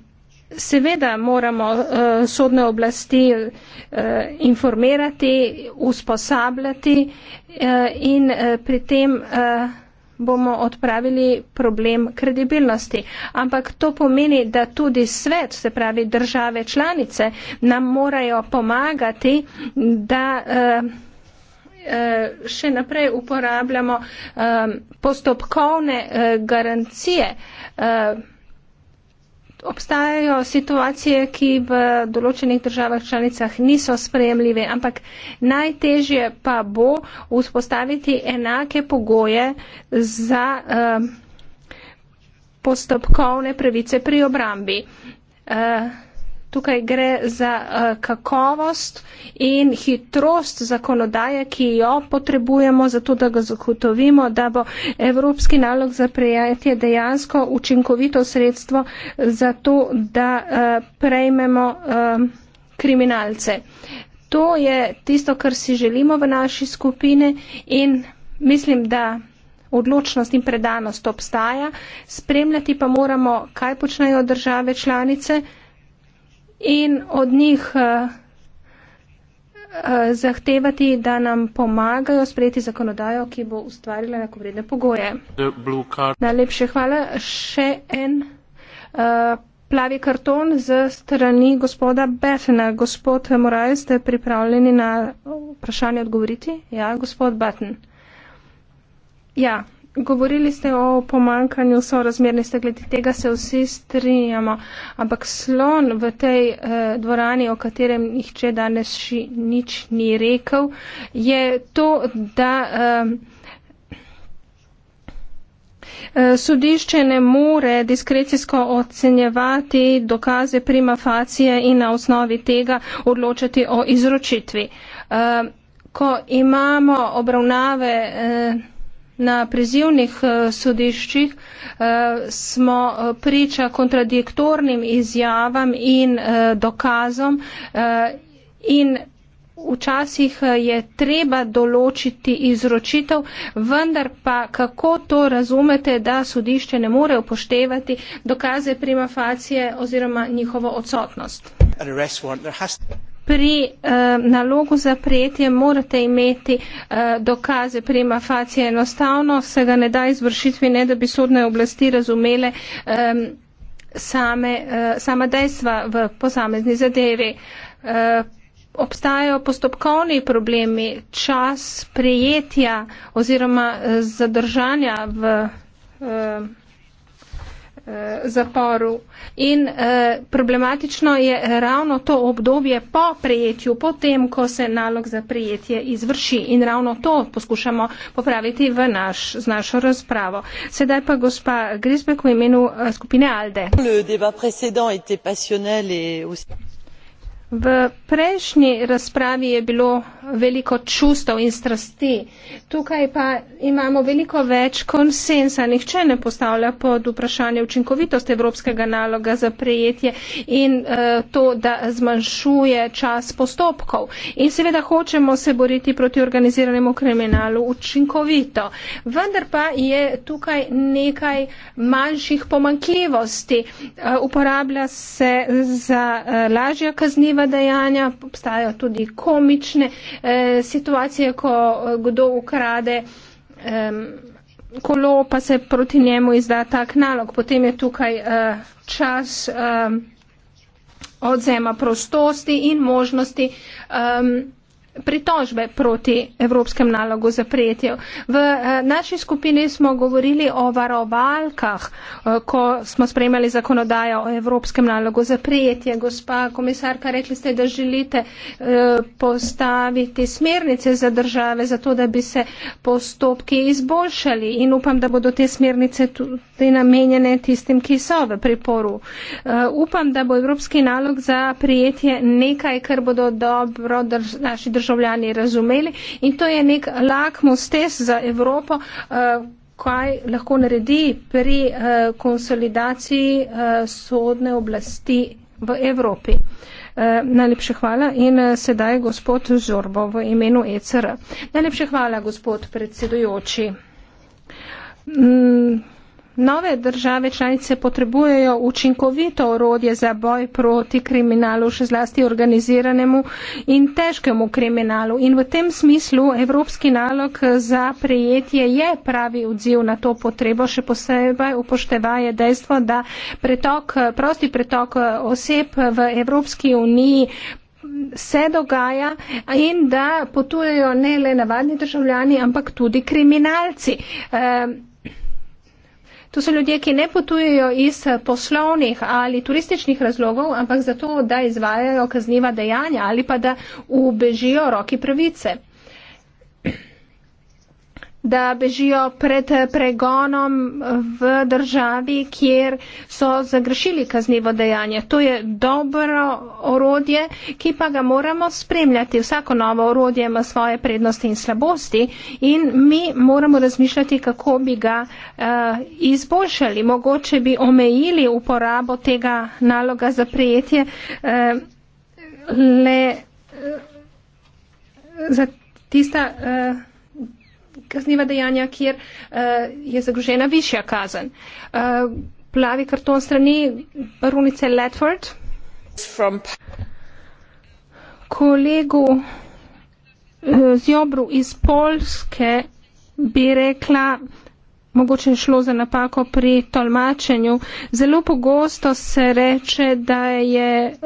Seveda moramo uh, sodne oblasti uh, informirati, usposabljati uh, in uh, pri tem uh, bomo odpravili problem kredibilnosti. Ampak to pomeni, da tudi svet, se pravi države članice, nam morajo pomagati, da. Uh, še naprej uporabljamo um, postopkovne uh, garancije. Uh, obstajajo situacije, ki v določenih državah članicah niso sprejemljive, ampak najtežje pa bo vzpostaviti enake pogoje za uh, postopkovne pravice pri obrambi. Uh, tukaj gre za eh, kakovost in hitrost zakonodaje, ki jo potrebujemo za to, da ga zagotovimo, da bo Evropski nalog za prijatje dejansko učinkovito sredstvo za to, da eh, prejmemo eh, kriminalce. To je tisto, kar si želimo v naši skupini in mislim, da. Odločnost in predanost obstaja, spremljati pa moramo, kaj počnejo države članice, in od njih eh, eh, zahtevati, da nam pomagajo sprejeti zakonodajo, ki bo ustvarila nekovredne pogoje. Najlepše hvala. Še en uh, plavi karton z strani gospoda Bethena. Gospod Moraj, ste pripravljeni na vprašanje odgovoriti? Ja, gospod Button. Ja, Govorili ste o pomankanju sorazmernosti, glede tega se vsi strinjamo, ampak slon v tej eh, dvorani, o katerem nihče danes še nič ni rekel, je to, da eh, eh sodišče ne more diskrecijsko ocenjevati dokaze prima facije in na osnovi tega odločati o izročitvi. Eh, ko imamo obravnave. Eh, Na prizivnih eh, sodiščih eh, smo eh, priča kontradiktornim izjavam in dokazom in včasih je treba določiti izročitev, vendar pa kako to razumete, da sodišče ne more upoštevati dokaze prima facije oziroma njihovo odsotnost pri eh, nalogu za prijetje morate imeti eh, dokaze prima facije. Enostavno se ga ne da izvršitvi, ne da bi sodne oblasti razumele eh, same, eh, sama dejstva v posamezni zadevi. Eh, Obstajajo postopkovni problemi, čas prijetja oziroma eh, zadržanja v. Eh, Eh, zaporu. In eh, problematično je ravno to obdobje po prejetju, potem, ko se nalog za prejetje izvrši. In ravno to poskušamo popraviti v naš, z našo razpravo. Sedaj pa gospa Grisbek v imenu eh, skupine Alde. V prejšnji razpravi je bilo veliko čustev in strasti, tukaj pa imamo veliko več konsensa. Nihče ne postavlja pod vprašanje učinkovitost evropskega naloga za prejetje in uh, to, da zmanjšuje čas postopkov. In seveda hočemo se boriti proti organiziranemu kriminalu učinkovito. Vendar pa je tukaj nekaj manjših pomankljivosti. Uh, eh, uporablja se za uh, lažja kazniva kazniva dejanja, obstajajo tudi komične eh, situacije, ko eh, kdo ukrade eh, kolo, pa se proti njemu izda tak nalog. Potem je tukaj eh, čas. Eh, odzema prostosti in možnosti um, pritožbe proti Evropskem nalogu za prijetje. V eh, naši skupini smo govorili o varovalkah, eh, ko smo spremljali zakonodajo o Evropskem nalogu za prijetje. Gospa komisarka, rekli ste, da želite eh, postaviti smernice za države, zato da bi se postopki izboljšali in upam, da bodo te smernice tudi namenjene tistim, ki so v priporu. Upam, da bo Evropski nalog za prijetje nekaj, kar bodo dobro drž naši državi državljani razumeli in to je nek lakmus test za Evropo, eh, kaj lahko naredi pri eh, konsolidaciji eh, sodne oblasti v Evropi. Najlepše hvala in sedaj gospod Zorbo v imenu ECR. Najlepše hvala, gospod predsedujoči. Mm. Nove države članice potrebujejo učinkovito orodje za boj proti kriminalu, še zlasti organiziranemu in težkemu kriminalu. In v tem smislu evropski nalog za prijetje je pravi odziv na to potrebo, še posebej upoštevaje dejstvo, da pretok, prosti pretok oseb v Evropski uniji se dogaja in da potujejo ne le navadni državljani, ampak tudi kriminalci. E, To so ljudje, ki ne potujejo iz poslovnih ali turističnih razlogov, ampak zato, da izvajajo kazniva dejanja ali pa da ubežijo roki pravice da bežijo pred pregonom v državi, kjer so zagrešili kaznivo dejanje. To je dobro orodje, ki pa ga moramo spremljati. Vsako novo orodje ima svoje prednosti in slabosti in mi moramo razmišljati, kako bi ga uh, izboljšali. Mogoče bi omejili uporabo tega naloga za prijetje. Uh, le, uh, za tista, uh, kazniva dejanja, kjer uh, je zagrožena višja kazen. Uh, plavi karton strani Runice Ledford. Kolegu uh, Zjobru iz Polske bi rekla, mogoče je šlo za napako pri tolmačenju. Zelo pogosto se reče, da je eh,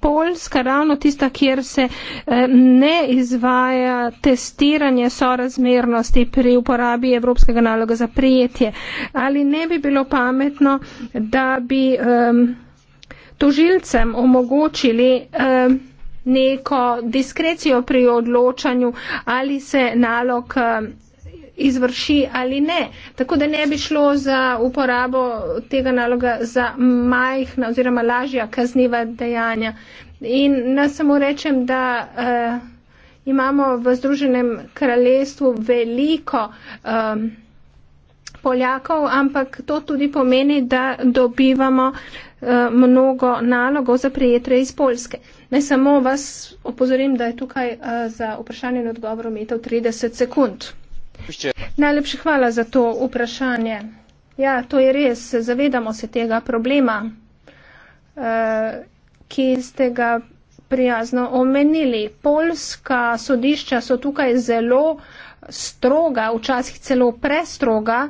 Poljska ravno tista, kjer se eh, ne izvaja testiranje sorazmernosti pri uporabi Evropskega naloga za prijetje. Ali ne bi bilo pametno, da bi eh, tožilcem omogočili. Eh, neko diskrecijo pri odločanju, ali se nalog izvrši ali ne. Tako da ne bi šlo za uporabo tega naloga za majhna oziroma lažja kazniva dejanja. In na samo rečem, da uh, imamo v Združenem kraljestvu veliko um, Poljakov, ampak to tudi pomeni, da dobivamo uh, mnogo nalogov za prijetre iz Polske. Ne samo vas opozorim, da je tukaj uh, za vprašanje in odgovor umetel 30 sekund. Najlepša hvala za to vprašanje. Ja, to je res, zavedamo se tega problema, eh, ki ste ga prijazno omenili. Polska sodišča so tukaj zelo stroga, včasih celo prestroga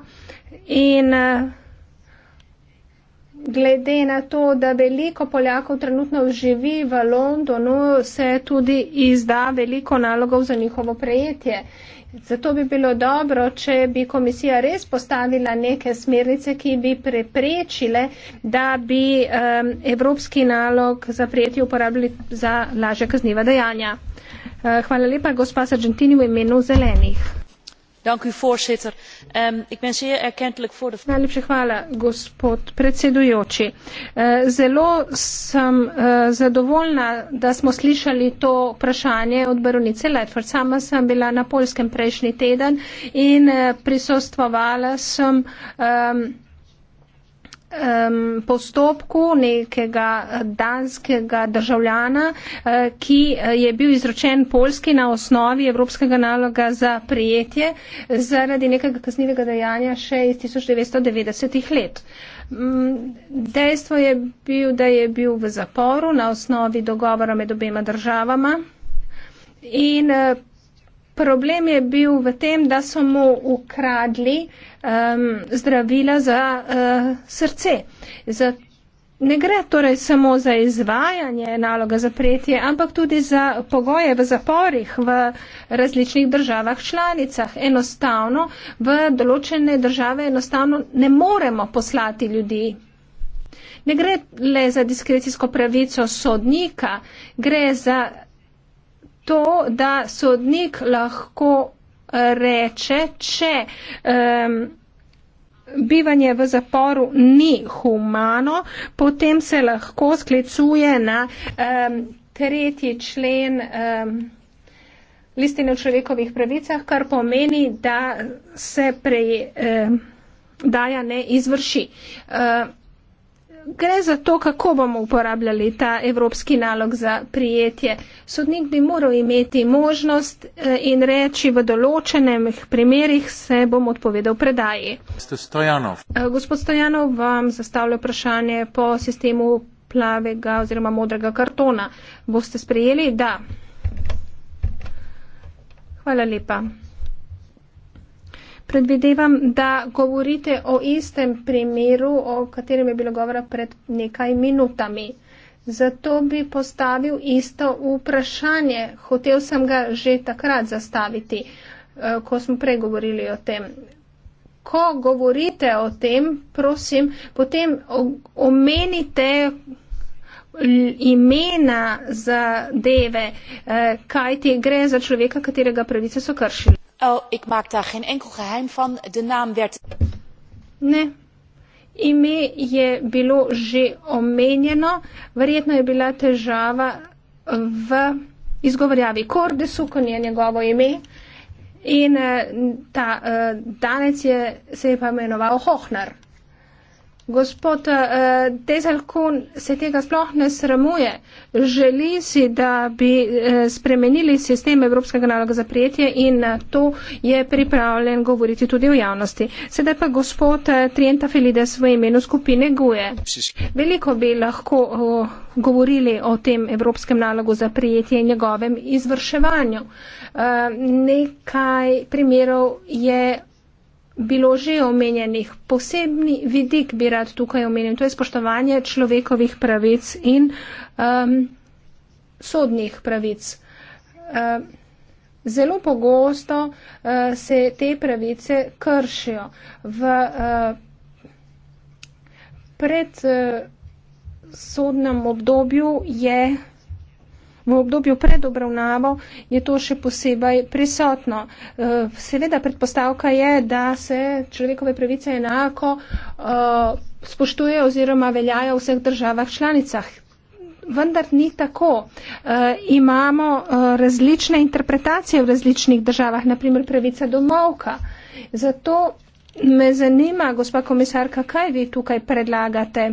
in eh, glede na to, da veliko Poljakov trenutno živi v Londonu, se tudi izda veliko nalogov za njihovo prejetje. Zato bi bilo dobro, če bi komisija res postavila neke smernice, ki bi preprečile, da bi um, evropski nalog za prijetje uporabili za laže kazniva dejanja. Uh, hvala lepa, gospa Sargentini, v imenu zelenih voorzitter ehm, ik ben zeer erkentelijk voor de. Eh, zelo sem eh, zadovoljna da smo slišali to vprašanje od baronice ledford. sama sem bila na poljskem prejšnji teden in eh, prisostvovala sem um, um, postopku nekega danskega državljana, uh, ki eh, je bil izročen Polski na osnovi Evropskega naloga za prijetje zaradi nekega kaznivega dejanja še iz 1990 let. Mm, dejstvo je bil, da je bil v zaporu na osnovi dogovora med obema državama in eh, Problem je bil v tem, da so mu ukradli um, zdravila za uh, srce. Za, ne gre torej samo za izvajanje naloga za pretje, ampak tudi za pogoje v zaporih v različnih državah članicah. Enostavno v določene države enostavno ne moremo poslati ljudi. Ne gre le za diskrecijsko pravico sodnika, gre za to, da sodnik lahko eh, reče, če um, bivanje v zaporu ni humano, potem se lahko sklicuje na um, tretji člen um, listine o človekovih pravicah, kar pomeni, da se prej. Um, daja ne izvrši. Uh, Gre za to, kako bomo uporabljali ta evropski nalog za prijetje. Sodnik bi moral imeti možnost eh, in reči, v določenih primerjih se bom odpovedal predaji. Stojanov. Eh, gospod Stojanov vam zastavlja vprašanje po sistemu plavega oziroma modrega kartona. Boste sprejeli? Da. Hvala lepa. Predvidevam, da govorite o istem primeru, o katerem je bilo govora pred nekaj minutami. Zato bi postavil isto vprašanje. Hotev sem ga že takrat zastaviti, eh, ko smo pregovorili o tem. Ko govorite o tem, prosim, potem omenite imena za deve, eh, kajti gre za človeka, katerega pravice so kršili. Oh, ik maak daar geen enkel geheim van. De naam werd. Nee. Ime je bilo že omenjeno, verjetno je bila težava v izgovorjavi Kordesu, ko je njegovo ime. In eh, ta eh, danec je, se je pa imenoval Hohnar. Gospod eh, Dezelkun se tega sploh ne sramuje. Želi si, da bi eh, spremenili sistem Evropskega naloga za prijetje in to je pripravljen govoriti tudi v javnosti. Sedaj pa gospod eh, Trienta Felides v imenu skupine Guje. Veliko bi lahko oh, govorili o tem Evropskem nalogu za prijetje in njegovem izvrševanju. Eh, nekaj primerov je bilo že omenjenih. Posebni vidik bi rad tukaj omenil, to je spoštovanje človekovih pravic in um, sodnih pravic. Um, zelo pogosto uh, se te pravice kršijo. V, uh, pred uh, sodnem obdobju je V obdobju pred obravnavo je to še posebej prisotno. Eh, seveda predpostavka je, da se človekove pravice enako eh, spoštujejo oziroma veljajo v vseh državah članicah. Vendar ni tako. E, imamo e, različne interpretacije v različnih državah, naprimer pravica do molka. Zato me zanima, gospa komisarka, kaj vi tukaj predlagate?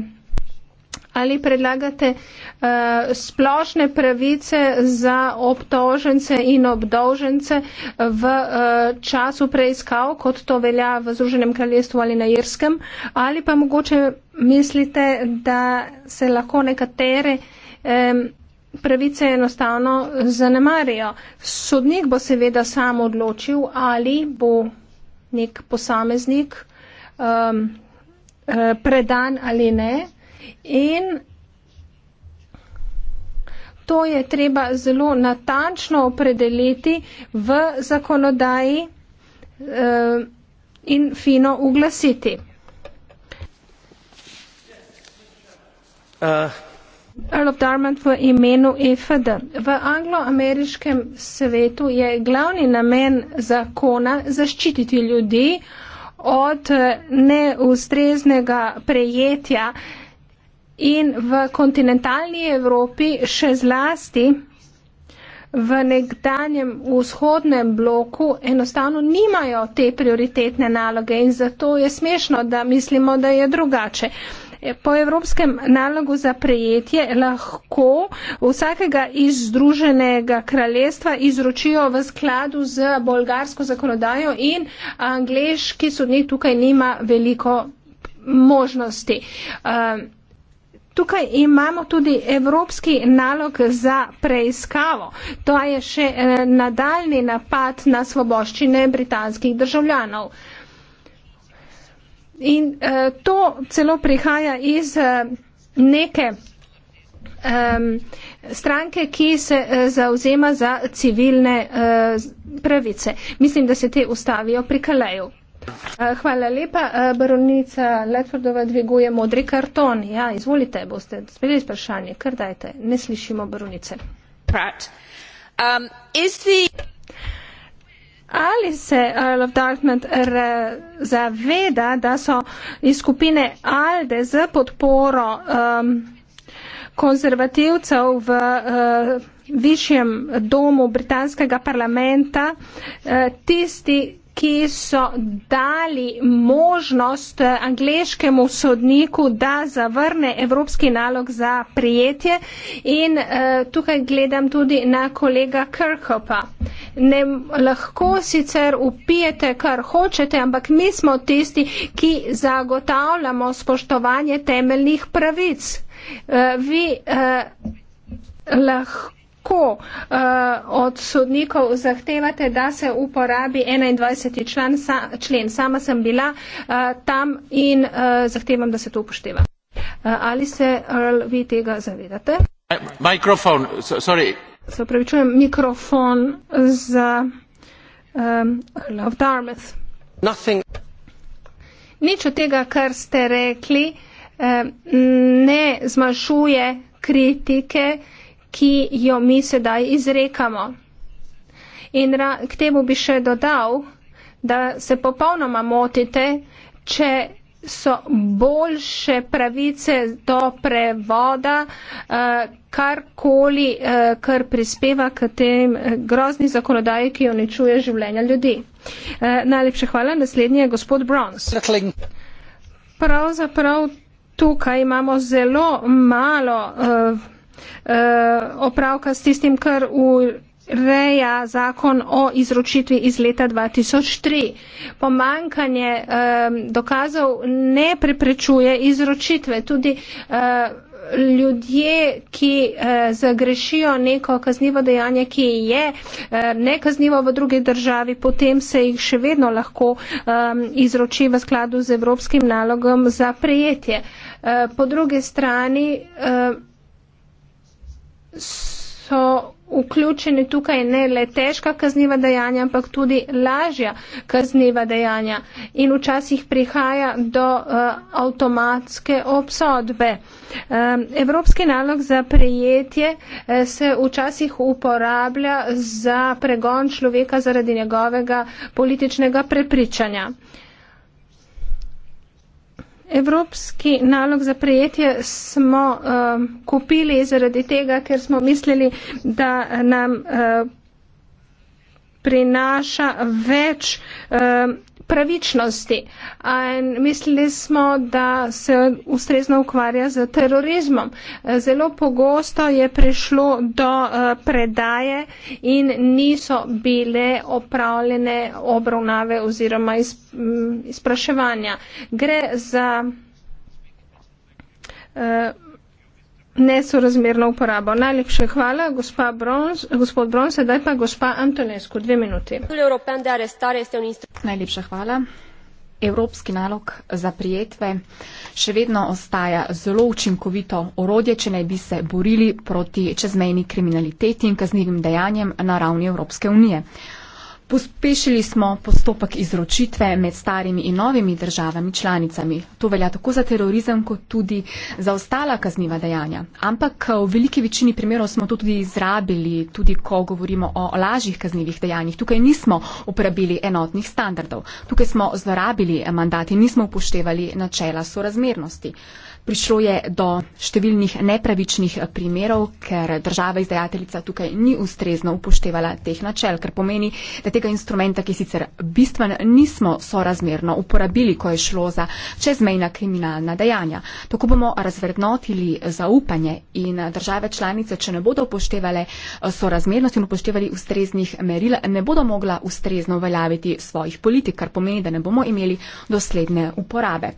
ali predlagate uh, splošne pravice za obtožence in obdožence v uh, času preiskav, kot to velja v Združenem kraljestvu ali na Irskem, ali pa mogoče mislite, da se lahko nekatere um, pravice enostavno zanemarijo. Sodnik bo seveda sam odločil, ali bo nek posameznik um, predan ali ne. In to je treba zelo natančno opredeliti v zakonodaji eh, in fino uglasiti. Uh. Earl of Darman v imenu EFD. V angloameriškem svetu je glavni namen zakona zaščititi ljudi od eh, neustreznega prejetja eh, in v kontinentalni Evropi še zlasti v nekdanjem vzhodnem bloku enostavno nimajo te prioritetne naloge in zato je smešno, da mislimo, da je drugače. Po evropskem nalogu za prejetje lahko vsakega iz Združenega kraljestva izročijo v skladu z bolgarsko zakonodajo in angliški sodnik tukaj nima veliko možnosti. Uh, tukaj imamo tudi evropski nalog za preiskavo. To je še eh, nadaljni napad na svoboščine britanskih državljanov. In uh, to celo prihaja iz uh, neke um, stranke, ki se uh, zauzema za civilne uh, pravice. Mislim, da se te ustavijo pri Kaleju. Eh, hvala lepa. Eh, baronica Letvordova dviguje modri karton. Ja, izvolite, boste spredili vprašanje. Kar dajte, ne slišimo baronice. Prat. Um, is the... Ali se eh, Earl of Dartmouth zaveda, da so iz skupine ALDE z podporo um, konzervativcev v uh, višjem domu britanskega parlamenta uh, tisti, ki so dali možnost eh, angliškemu sodniku, da zavrne evropski nalog za prijetje. In uh, tukaj gledam tudi na kolega Kirkhopa. Ne lahko sicer upijete, kar hočete, ampak mi smo tisti, ki zagotavljamo spoštovanje temeljnih pravic. Uh, vi uh, lahko lahko uh, eh, od sodnikov zahtevate, da se uporabi 21. člen. Sa, člen. Sama sem bila uh, tam in uh, zahtevam, da se to upošteva. Uh, ali se Earl, vi tega zavedate? Mikrofon, sorry. Se upravičujem, mikrofon za um, Love Dartmouth. Nothing. Nič od tega, kar ste rekli, um, ne zmanjšuje kritike uh, ki jo mi sedaj izrekamo. In k temu bi še dodal, da se popolnoma motite, če so boljše pravice do prevoda, eh, karkoli, eh, kar prispeva k tem eh, grozni zakonodaji, ki uničuje življenja ljudi. Najlepše hvala. Naslednji je gospod Brons. Pravzaprav tukaj imamo zelo malo. Uh, Eh, opravka s tistim, kar ureja zakon o izročitvi iz leta 2003. Pomankanje eh, dokazov ne preprečuje izročitve. Tudi eh, ljudje, ki zagrešijo neko kaznivo dejanje, ki je nekaznivo v drugi državi, potem se jih še vedno lahko izroči v skladu z evropskim nalogom za prejetje. Po drugi strani so vključeni tukaj ne le težka kazniva dejanja, ampak tudi lažja kazniva dejanja in včasih prihaja do uh, avtomatske obsodbe. Um, evropski nalog za prejetje eh, se včasih uporablja za pregon človeka zaradi njegovega političnega prepričanja. Uh, Evropski nalog za prijetje smo um, kupili zaradi tega, ker smo mislili, da nam um, prinaša več um, pravičnosti. In mislili smo, da se ustrezno ukvarja z terorizmom. Zelo pogosto je prišlo do eh, predaje in niso bile opravljene obravnave oziroma mm, izpraševanja. Gre za eh, nesorazmerno uporabo. Najlepše hvala, Bronz, gospod Bronz, sedaj pa gospa Antonescu, dve minuti. Najlepša hvala. Evropski nalog za prijetve še vedno ostaja zelo učinkovito orodje, če ne bi se borili proti čezmejni kriminaliteti in kaznivim dejanjem na ravni Evropske unije. Pospešili smo postopek izročitve med starimi in novimi državami članicami. To velja tako za terorizem, kot tudi za ostala kazniva dejanja. Ampak eh, v veliki večini primerov smo to tudi izrabili, tudi ko govorimo o lažjih kaznivih dejanjih. Tukaj nismo uporabili enotnih standardov. Tukaj smo zlorabili mandati, nismo upoštevali načela sorazmernosti. Prišlo je do številnih nepravičnih primerov, ker država izdajateljica tukaj ni ustrezno upoštevala teh načel, kar pomeni, da tega instrumenta, ki sicer bistven, nismo sorazmerno uporabili, ko je šlo za čezmejna kriminalna dejanja. Tako bomo razvrednotili zaupanje in države članice, če ne bodo upoštevale eh, sorazmernost in upoštevali ustreznih meril, ne bodo mogla ustrezno uveljaviti svojih politik, kar pomeni, da ne bomo imeli dosledne uporabe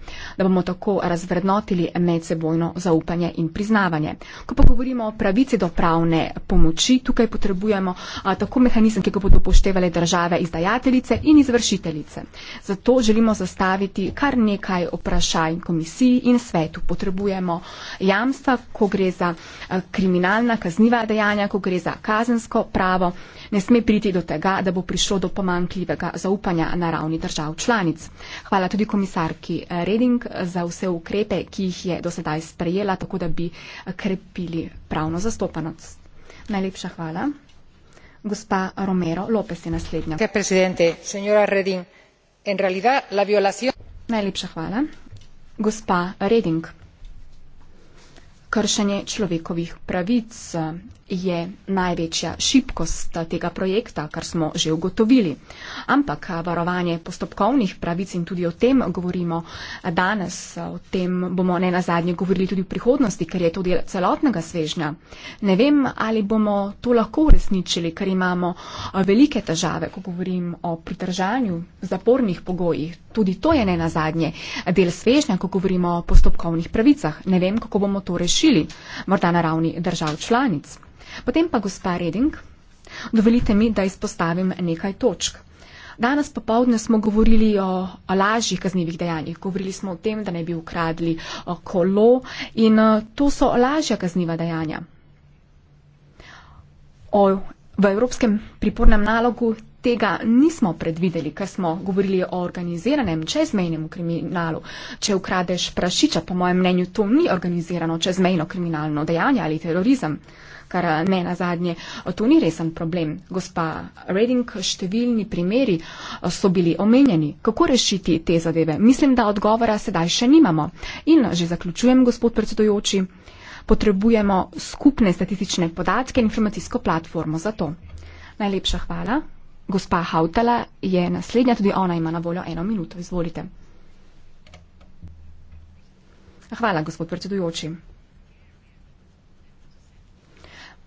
medsebojno zaupanje in priznavanje. Ko pa govorimo o pravici do pravne pomoči, tukaj potrebujemo a, tako mehanizem, ki ga bodo upoštevali države izdajateljice in izvršiteljice. Zato želimo zastaviti kar nekaj vprašanj komisiji in svetu. Potrebujemo jamstva, ko gre za a, kriminalna, kazniva dejanja, ko gre za kazensko pravo ne sme priti do tega, da bo prišlo do pomankljivega zaupanja na ravni držav članic. Hvala tudi komisarki eh, Reding za vse ukrepe, ki jih je do sedaj sprejela, tako da bi krepili pravno zastopanost. Najlepša hvala. Gospa Romero Lopes je naslednja. Najlepša hvala. Gospa Reding. Kršenje človekovih pravic je največja šibkost tega projekta, kar smo že ugotovili. Ampak varovanje postopkovnih pravic in tudi o tem govorimo danes, o tem bomo ne nazadnje govorili tudi v prihodnosti, ker je to del celotnega svežnja. Ne vem, ali bomo to lahko uresničili, ker imamo eh, velike težave, ko govorim o pridržanju zapornih pogojih. Tudi to je ne nazadnje del svežnja, ko govorimo o postopkovnih pravicah. Ne vem, kako bomo to rešili, morda na ravni držav članic. Potem pa gospa Reding, dovolite mi, da izpostavim nekaj točk. Danes popovdne smo govorili o, o lažjih kaznjivih dejanjih. Govorili smo o tem, da naj bi ukradli kolo in to so lažja kazniva dejanja. O, v evropskem pripornem nalogu tega nismo predvideli, ker smo govorili o organiziranem čezmejnem kriminalu. Če ukradeš prašiča, po mojem mnenju, to ni organizirano čezmejno kriminalno dejanje ali terorizem kar eh, ne na zadnje. Eh, to ni resen problem. Gospa Reding, številni primeri eh, so bili omenjeni. Kako rešiti te zadeve? Mislim, da odgovora sedaj še nimamo. In že zaključujem, gospod predsedojoči, potrebujemo skupne statistične podatke in informacijsko platformo za to. Najlepša hvala. Gospa Hautala je naslednja, tudi ona ima na voljo eno minuto. Izvolite. Hvala, gospod predsedujoči.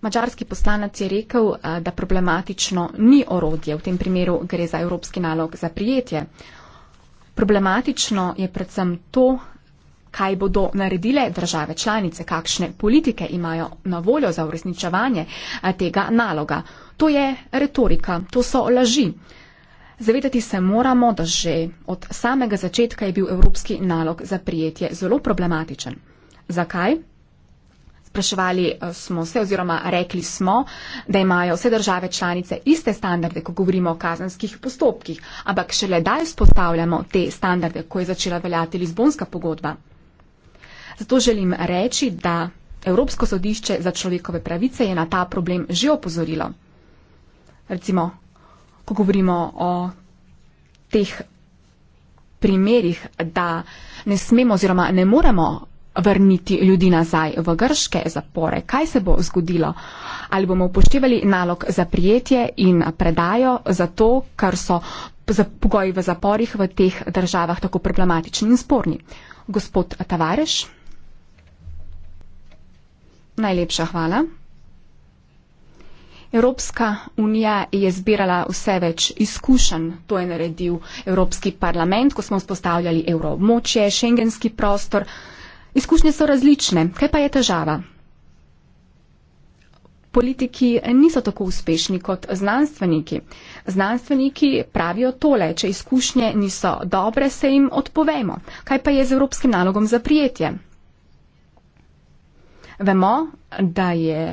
Mačarski poslanec je rekel, eh, da problematično ni orodje, v tem primeru gre za evropski nalog za prijetje. Problematično je predvsem to, kaj bodo naredile države članice, kakšne politike imajo na voljo za uresničevanje eh, tega naloga. To je retorika, to so laži. Zavedati se moramo, da že od samega začetka je bil evropski nalog za prijetje zelo problematičen. Zakaj? spraševali eh, smo se oziroma rekli smo, da imajo vse države članice iste standarde, ko govorimo o kazanskih postopkih, ampak šele daj spostavljamo te standarde, ko je začela veljati Lizbonska pogodba. Zato želim reči, da Evropsko sodišče za človekove pravice je na ta problem že opozorilo. Recimo, ko govorimo o teh primerih, da ne smemo oziroma ne moremo vrniti ljudi nazaj v grške zapore. Kaj se bo zgodilo? Ali bomo upoštevali nalog za prijetje in predajo za to, kar so pogoji v zaporih v teh državah tako problematični in sporni? Gospod Tavareš. Najlepša hvala. Evropska unija je zbirala vse več izkušenj, to je naredil Evropski parlament, ko smo vzpostavljali evroobmočje, šengenski prostor. Izkušnje so različne. Kaj pa je težava? Politiki niso tako uspešni kot znanstveniki. Znanstveniki pravijo tole, če izkušnje niso dobre, se jim odpovemo. Kaj pa je z evropskim nalogom za prijetje? Vemo, da je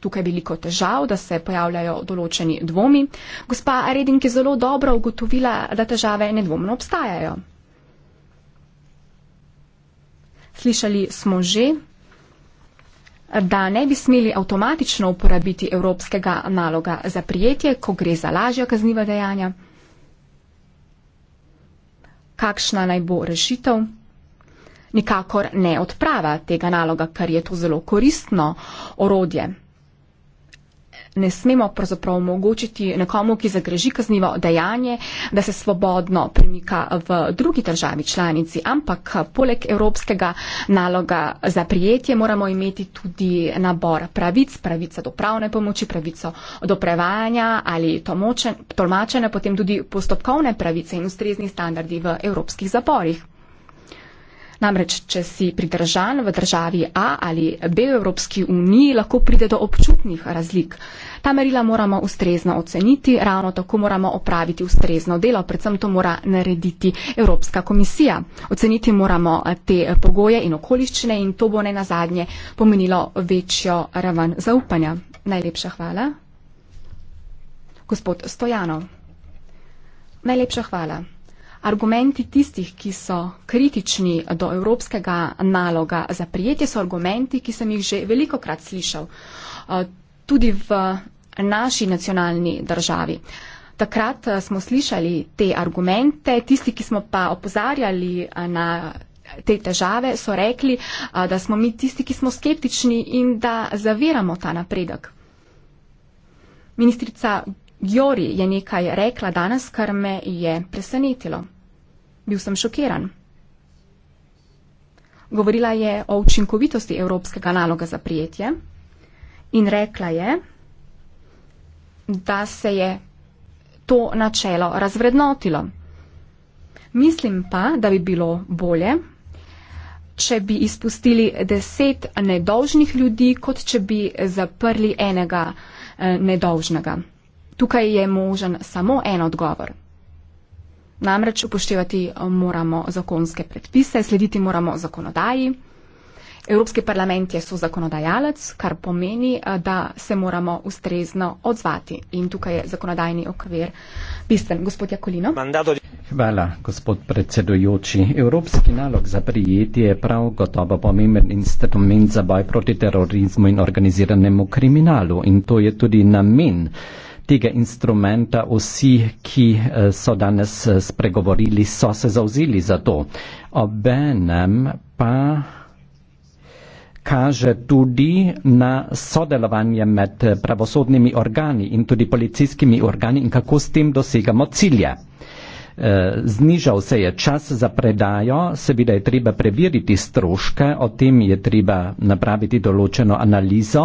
tukaj veliko težav, da se pojavljajo določeni dvomi. Gospa Reding je zelo dobro ugotovila, da težave nedvomno obstajajo. Slišali smo že, da ne bi smeli avtomatično uporabiti evropskega naloga za prijetje, ko gre za lažja kazniva dejanja. Kakšna naj bo rešitev? Nikakor ne odprava tega naloga, ker je to zelo koristno orodje ne smemo pravzaprav omogočiti nekomu, ki zagreži kaznivo dejanje, da se svobodno premika v drugi državi članici, ampak poleg evropskega naloga za prijetje moramo imeti tudi nabor pravic, pravica do pravne pomoči, pravico do prevajanja ali tolmačene, potem tudi postopkovne pravice in ustrezni standardi v evropskih zaporih. Namreč, če si pridržan v državi A ali B v Evropski uniji, lahko pride do občutnih razlik. Ta merila moramo ustrezno oceniti, ravno tako moramo opraviti ustrezno delo, predvsem to mora narediti Evropska komisija. Oceniti moramo eh, te pogoje in okoliščine in to bo ne na zadnje pomenilo večjo raven zaupanja. Najlepša hvala. Gospod Stojanov. Najlepša hvala argumenti tistih, ki so kritični do evropskega naloga za prijetje, so argumenti, ki sem jih že veliko krat slišal, eh, tudi v naši nacionalni državi. Takrat eh, smo slišali te argumente, tisti, ki smo pa opozarjali eh, na te težave, so rekli, da smo mi tisti, ki smo skeptični in da zaviramo ta napredek. Ministrica Gjori je nekaj rekla danes, kar me je presenetilo. Bil sem šokiran. Govorila je o učinkovitosti evropskega naloga za prijetje in rekla je, da se je to načelo razvrednotilo. Mislim pa, da bi bilo bolje, če bi izpustili deset nedolžnih ljudi, kot če bi zaprli enega eh, nedolžnega. Tukaj je možen samo en odgovor. Namreč upoštevati eh, moramo zakonske predpise, slediti moramo zakonodaji. Evropski parlament je so zakonodajalec, kar pomeni, eh, da se moramo ustrezno odzvati. In tukaj je zakonodajni okvir bistven. Gospod Jakolino. Hvala, gospod predsedujoči. Evropski nalog za prijetje je prav gotovo pomemben instrument za boj proti terorizmu in organiziranemu kriminalu. In to je tudi namen tega instrumenta vsi, ki eh, so danes eh, spregovorili, so se zauzili za to. Obenem pa kaže tudi na sodelovanje med eh, pravosodnimi organi in tudi policijskimi organi in kako s tem dosegamo cilje. Znižal se je čas za predajo, seveda je treba preveriti stroške, o tem je treba napraviti določeno analizo.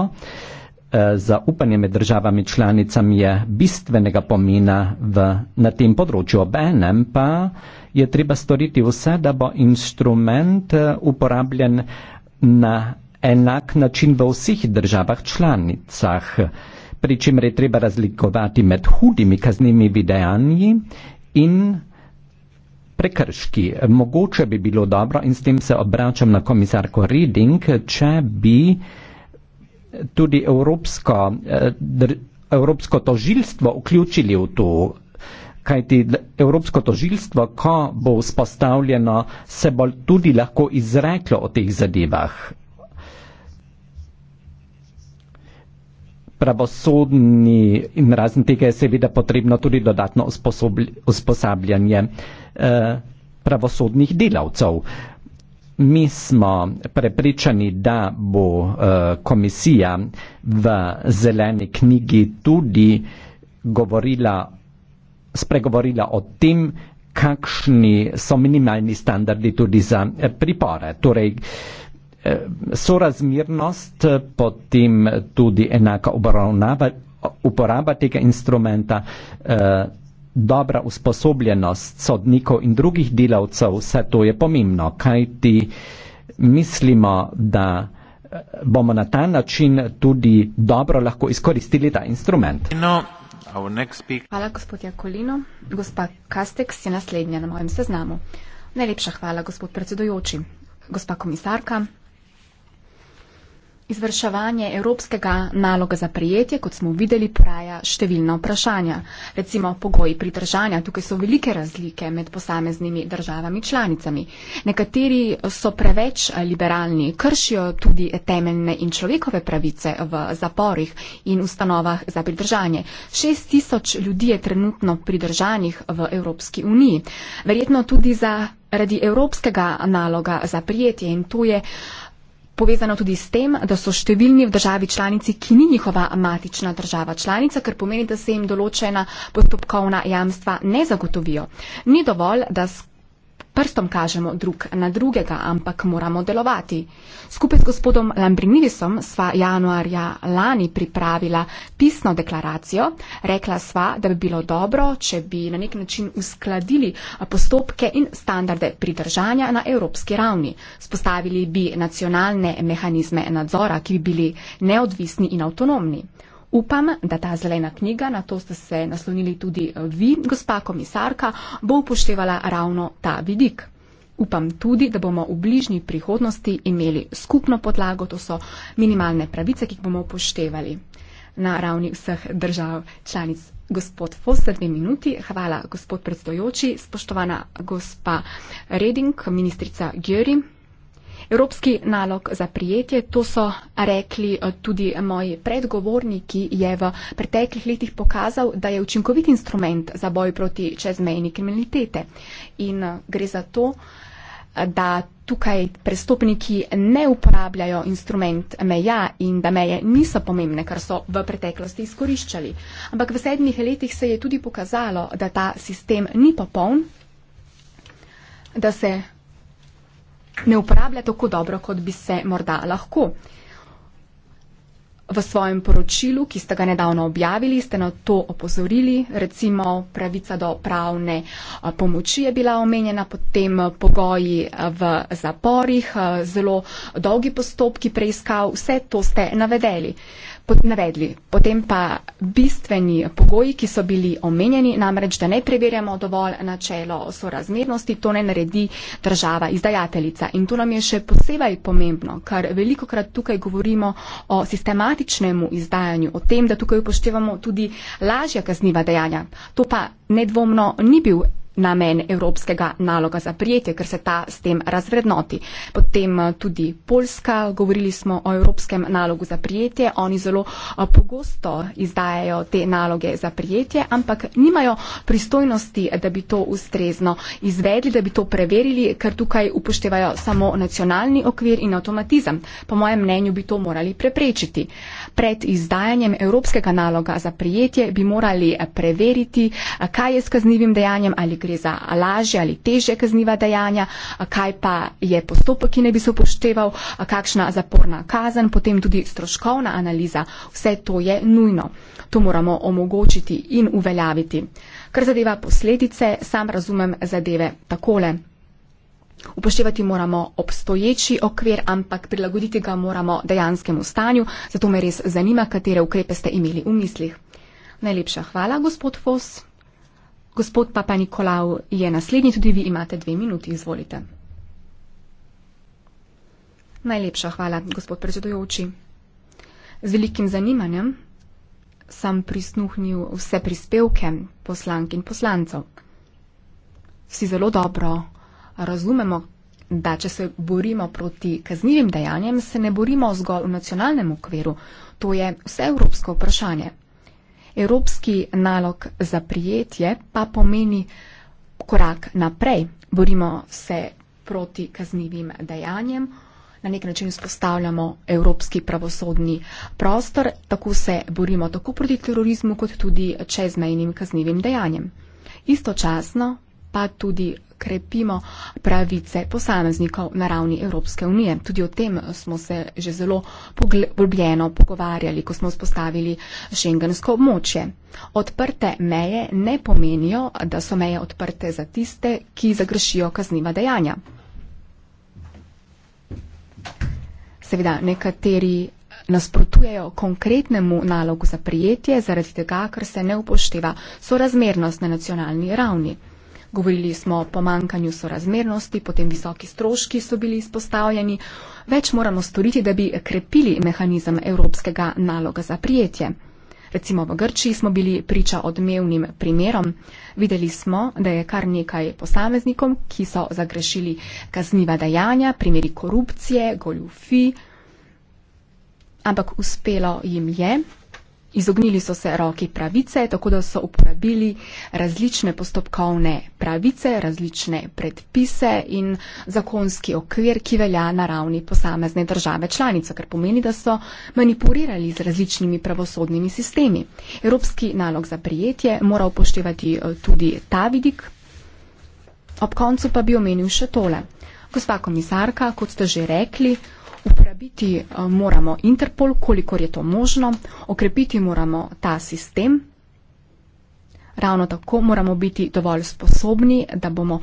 Eh, zaupanje med državami članicami je bistvenega pomena v, na tem področju. Obenem pa je treba storiti vse, da bo instrument eh, uporabljen na enak način v vseh državah članicah, pri čemer je treba razlikovati med hudimi kaznimi dejanji in prekrški. Mogoče bi bilo dobro, in s tem se obračam na komisarko Reding, če bi uh, tudi Evropska, eh, Evropsko tožilstvo vključili v to, kajti Evropsko tožilstvo, ko bo vzpostavljeno, se bo tudi lahko izreklo o teh zadevah. pravosodni in razen tega je seveda potrebno tudi dodatno usposabljanje eh, pravosodnih delavcev mi smo prepričani, da bo eh, komisija v zeleni knjigi tudi govorila, spregovorila o tem, kakšni so minimalni standardi tudi za eh, pripore. Torej, eh, sorazmirnost, potem tudi enaka obravnava, uporaba tega instrumenta, dobra usposobljenost sodnikov in drugih delavcev, vse to je pomembno, kaj ti mislimo, da eh, bomo na ta način tudi dobro lahko izkoristili ta instrument. No, hvala, gospod Jakolino. Gospa Kasteks je naslednja na mojem seznamu. Najlepša hvala, gospod predsedujoči. Gospa komisarka, Izvrševanje evropskega naloga za prijetje, kot smo videli, praja številna vprašanja. Recimo pogoji pridržanja, tukaj so velike razlike med posameznimi državami članicami. Nekateri so preveč liberalni, kršijo tudi temeljne in človekove pravice v zaporih in ustanovah za pridržanje. 6 tisoč ljudi je trenutno pridržanih v Evropski uniji. Verjetno tudi za. Radi evropskega naloga za prijetje in to je povezano tudi s tem, da so številni v državi članici, ki ni njihova matična država članica, kar pomeni, da se jim določena postopkovna jamstva ne zagotovijo. Ni dovolj, da prstom kažemo drug na drugega, ampak moramo delovati. Skupaj s gospodom Lambrinidisom sva januarja lani pripravila pisno deklaracijo. Rekla sva, da bi bilo dobro, če bi na nek način uskladili postopke in standarde pridržanja na evropski ravni. Spostavili bi nacionalne mehanizme nadzora, ki bi bili neodvisni in avtonomni. Upam, da ta zelena knjiga, na to ste se naslonili tudi eh, vi, gospa komisarka, bo upoštevala ravno ta vidik. Upam tudi, da bomo v bližnji prihodnosti imeli skupno podlago, to so minimalne pravice, ki jih bomo upoštevali na ravni vseh držav članic. Gospod Foster, dve minuti. Hvala, gospod predstojoči. Spoštovana gospa Reding, ministrica Gjuri. Evropski nalog za prijetje, to so rekli eh, tudi moji predgovorniki, je v preteklih letih pokazal, da je učinkovit instrument za boj proti čezmejni kriminalitete. In eh, gre za to, eh, da tukaj prestopniki ne uporabljajo instrument meja in da meje niso pomembne, kar so v preteklosti izkoriščali. Ampak v sedmih letih se je tudi pokazalo, da ta sistem ni popoln, da se ne uporablja tako dobro, kot bi se morda lahko. V svojem poročilu, ki ste ga nedavno objavili, ste na to opozorili, recimo pravica do pravne pomoči je bila omenjena, potem pogoji v zaporih, zelo dolgi postopki preiskav, vse to ste navedeli. Uh, navedli. Potem pa bistveni pogoji, ki so bili omenjeni, namreč, da ne preverjamo dovolj načelo sorazmernosti, to ne naredi država izdajateljica. In to nam je še posebej pomembno, ker veliko krat tukaj govorimo o sistematičnemu izdajanju, o tem, da tukaj upoštevamo tudi lažja kazniva dejanja. To pa nedvomno ni bil namen evropskega naloga za prijetje, ker se ta s tem razvrednoti. Potem eh, tudi Poljska, govorili smo o evropskem nalogu za prijetje, oni zelo eh, pogosto izdajajo te naloge za prijetje, ampak nimajo pristojnosti, da bi to ustrezno izvedli, da bi to preverili, ker tukaj upoštevajo samo nacionalni okvir in avtomatizem. Po mojem mnenju bi to morali preprečiti. Pred izdajanjem evropskega naloga za prijetje bi morali eh, preveriti, kaj je s kaznivim dejanjem ali gre za lažje ali težje kazniva dejanja, kaj pa je postopek, ki ne bi se upošteval, kakšna zaporna kazen, potem tudi stroškovna analiza. Vse to je nujno. To moramo omogočiti in uveljaviti. Kar zadeva posledice, sam razumem zadeve takole. Upoštevati moramo obstoječi okvir, ampak prilagoditi ga moramo dejanskemu stanju, zato me res zanima, katere ukrepe ste imeli v mislih. Najlepša hvala, gospod Foss. Gospod Papa Nikolau je naslednji, tudi vi imate dve minuti, izvolite. Najlepša hvala, gospod predsedujoči. Z velikim zanimanjem sem prisluhnil vse prispevke poslank in poslancev. Vsi zelo dobro razumemo, da če se borimo proti kaznivim dejanjem, se ne borimo zgolj v nacionalnem okviru. To je vseevropsko vprašanje. Evropski nalog za prijetje pa pomeni korak naprej. Borimo se proti kaznivim dejanjem, na nek način spostavljamo evropski pravosodni prostor, tako se borimo tako proti terorizmu, kot tudi čezmejnim kaznivim dejanjem. Istočasno pa tudi krepimo pravice posameznikov na ravni Evropske unije. Tudi o tem smo se že zelo poglobljeno pogovarjali, ko smo spostavili šengensko območje. Odprte meje ne pomenijo, da so meje odprte za tiste, ki zagrešijo kazniva dejanja. Seveda, nekateri nasprotujejo konkretnemu nalogu za prijetje, zaradi tega, ker se ne upošteva sorazmernost na nacionalni ravni. Govorili smo o pomankanju sorazmernosti, potem visoki stroški so bili izpostavljeni. Več moramo storiti, da bi krepili mehanizem evropskega naloga za prijetje. Recimo v Grčiji smo bili priča odmevnim primerom. Videli smo, da je kar nekaj posameznikom, ki so zagrešili kazniva dejanja, primeri korupcije, goljufi, ampak uspelo jim je, Izognili so se roki pravice, tako da so uporabili različne postopkovne pravice, različne predpise in zakonski okvir, ki velja na ravni posamezne države članice, kar pomeni, da so manipulirali z različnimi pravosodnimi sistemi. Evropski nalog za prijetje mora upoštevati eh, tudi ta vidik. Ob koncu pa bi omenil še tole. Gospa komisarka, kot ste že rekli, Uporabiti eh, moramo Interpol, kolikor je to možno, okrepiti moramo ta sistem. Ravno tako moramo biti dovolj sposobni, da bomo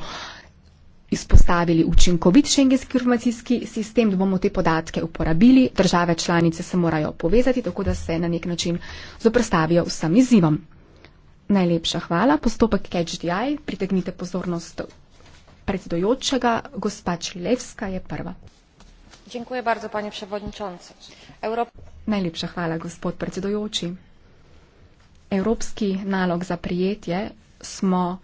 izpostavili učinkovit šengenski informacijski sistem, da bomo te podatke uporabili. Države članice se morajo povezati, tako da se na nek način zoprstavijo vsem izzivom. Najlepša hvala. Postopek CatchDI. Pritegnite pozornost predsedojočega. Gospa Čilevska je prva. Najlepša hvala, gospod predsedujoči. Evropski nalog za prijetje smo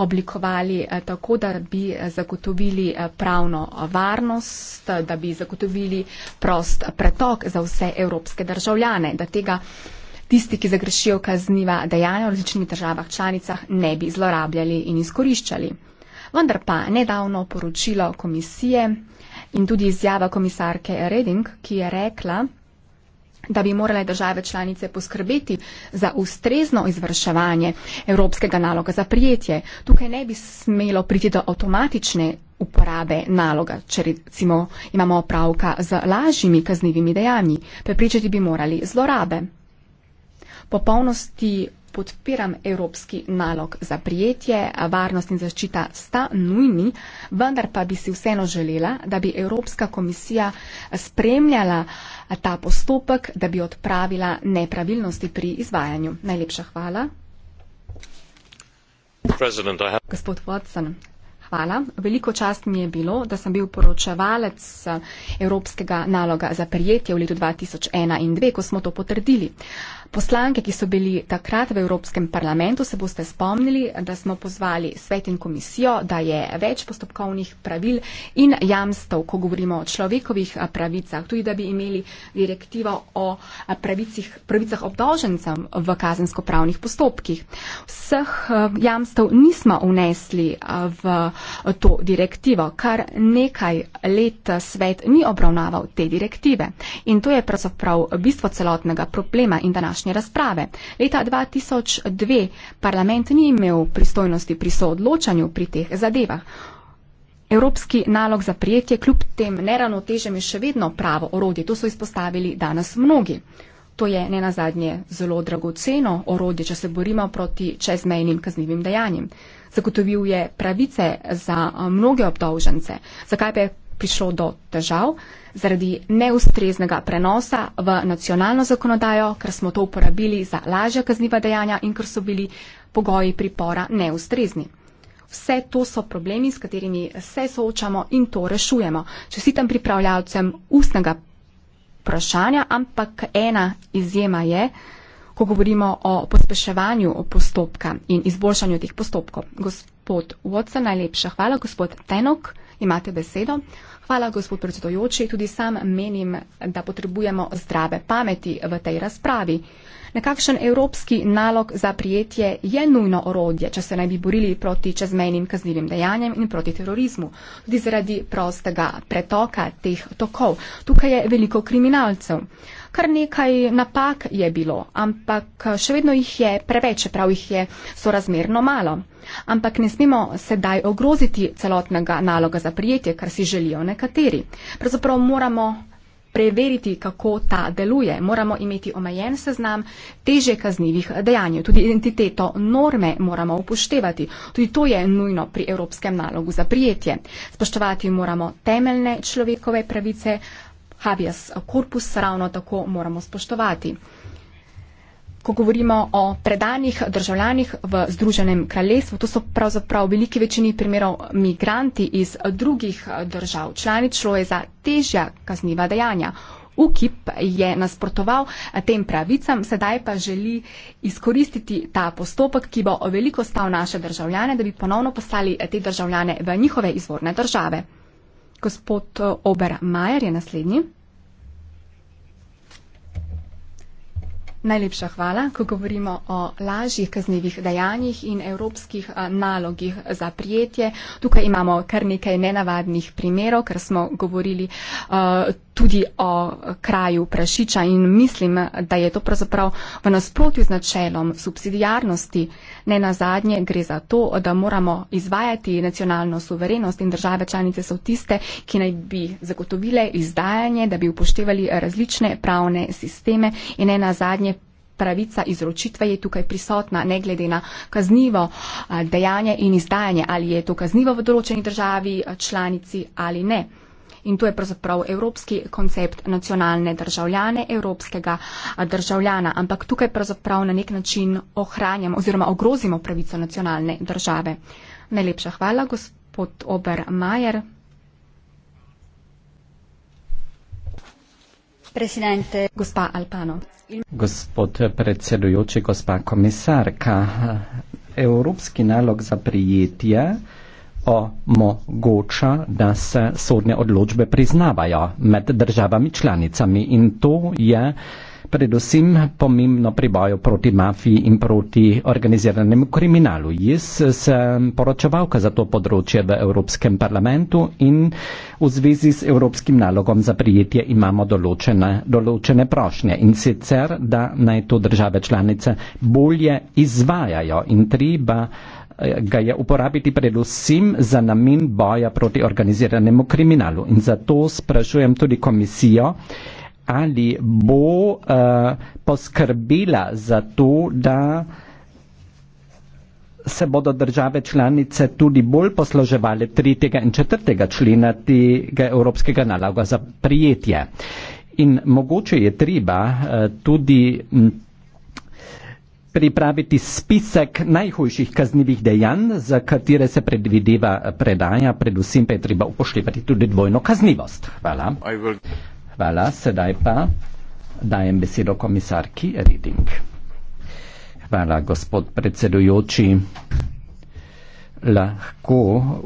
oblikovali eh, tako, da bi eh, zagotovili eh, pravno varnost, da bi zagotovili prost pretok za vse evropske državljane, da tega tisti, ki zagrešijo kazniva dejanja v različnih državah članicah, ne bi zlorabljali in izkoriščali. Vendar pa nedavno poročilo komisije In tudi izjava komisarke Reding, ki je rekla, da bi morale države članice poskrbeti za ustrezno izvrševanje evropskega naloga za prijetje. Tukaj ne bi smelo priti do avtomatične uporabe naloga, če recimo imamo opravka z lažjimi kaznivimi dejanji. Prepričati bi morali zlorabe. Popolnosti podpiram evropski nalog za prijetje, varnost in zaščita sta nujni, vendar pa bi si vseeno želela, da bi Evropska komisija spremljala ta postopek, da bi odpravila nepravilnosti pri izvajanju. Najlepša hvala. Gospod Watson. Hvala. Veliko čast mi je bilo, da sem bil poročevalec Evropskega naloga za prijetje v letu 2001 in 2002, ko smo to potrdili. Poslanke, ki so bili takrat v Evropskem parlamentu, se boste spomnili, da smo pozvali svet in komisijo, da je več postopkovnih pravil in jamstev, ko govorimo o človekovih pravicah, tudi da bi imeli direktivo o pravicih, pravicah obdolžencem v kazensko-pravnih postopkih. Vseh jamstev nismo unesli v to direktivo, kar nekaj let svet ni obravnaval te direktive. In to je pravzaprav bistvo celotnega problema in današnjega današnje razprave. Leta 2002 parlament ni imel pristojnosti pri soodločanju pri teh zadevah. Evropski nalog za prijetje kljub tem neravnotežem je še vedno pravo orodje. To so izpostavili danes mnogi. To je ne nazadnje zelo dragoceno orodje, če se borimo proti čezmejnim kaznivim dejanjem. Zagotovil je pravice za mnoge obdolžence. Zakaj pa je prišlo do težav zaradi neustreznega prenosa v nacionalno zakonodajo, ker smo to uporabili za lažja kazniva dejanja in ker so bili pogoji pripora neustrezni. Vse to so problemi, s katerimi se soočamo in to rešujemo. Čestitam pripravljalcem ustnega vprašanja, ampak ena izjema je, ko govorimo o pospeševanju postopka in izboljšanju teh postopkov. Gospod Watson, najlepša hvala. Gospod Tenok. Imate besedo. Hvala, gospod predsedojoči. Tudi sam menim, da potrebujemo zdrave pameti v tej razpravi. Nekakšen evropski nalog za prijetje je nujno orodje, če se naj bi borili proti čezmejnim kaznivim dejanjem in proti terorizmu. Tudi zaradi prostega pretoka teh tokov. Tukaj je veliko kriminalcev kar nekaj napak je bilo, ampak še vedno jih je preveč, čeprav jih je sorazmerno malo. Ampak ne smemo sedaj ogroziti celotnega naloga za prijetje, kar si želijo nekateri. Pravzaprav moramo preveriti, kako ta deluje. Moramo imeti omejen seznam teže kaznivih dejanj. Tudi identiteto norme moramo upoštevati. Tudi to je nujno pri evropskem nalogu za prijetje. Spoštovati moramo temeljne človekove pravice, habeas corpus ravno tako moramo spoštovati. Ko govorimo o predanih državljanih v Združenem kraljestvu, to so pravzaprav v veliki večini primerov migranti iz drugih držav. Člani šlo je za težja kazniva dejanja. UKIP je nasprotoval tem pravicam, sedaj pa želi izkoristiti ta postopek, ki bo veliko stal naše državljane, da bi ponovno poslali te državljane v njihove izvorne države. Gospod Ober Majer je naslednji. Najlepša hvala. Ko govorimo o lažjih kaznevih dejanjih in evropskih nalogih za prijetje, tukaj imamo kar nekaj nenavadnih primerov, ker smo govorili uh, tudi o kraju prašiča in mislim, da je to pravzaprav v nasprotju z načelom subsidijarnosti. Ne na zadnje gre za to, da moramo izvajati nacionalno suverenost in države članice so tiste, ki naj bi zagotovile izdajanje, da bi upoštevali različne pravne sisteme in ne na zadnje pravica izročitve je tukaj prisotna, ne glede na kaznivo dejanje in izdajanje, ali je to kaznivo v določeni državi, članici ali ne. In to je pravzaprav evropski koncept nacionalne državljane, evropskega državljana, ampak tukaj pravzaprav na nek način ohranjamo oziroma ogrozimo pravico nacionalne države. Najlepša hvala, gospod Obermajer. Presidente, gospa Alpano. Il... Gospod predsedujoči, gospa komisarka, evropski nalog za prijetje omogoča, da se sodne odločbe priznavajo med državami članicami in to je predvsem pomembno pri boju proti mafiji in proti organiziranemu kriminalu. Jaz sem poročevalka za to področje v Evropskem parlamentu in v zvezi s Evropskim nalogom za prijetje imamo določene, določene prošnje in sicer, da naj to države članice bolje izvajajo in treba eh, ga je uporabiti predvsem za namen boja proti organiziranemu kriminalu. In zato sprašujem tudi komisijo, ali bo uh, eh, poskrbila za to, da se bodo države članice tudi bolj posloževali tretjega in četrtega člena tega evropskega naloga za prijetje. In mogoče je treba uh, tudi pripraviti spisek najhujših kaznivih dejanj, za katere se predvideva predaja, predvsem pa je treba upoštevati tudi dvojno kaznivost. Hvala. Hvala, sedaj pa dajem besedo komisarki Reding. Hvala, gospod predsedujoči. Lahko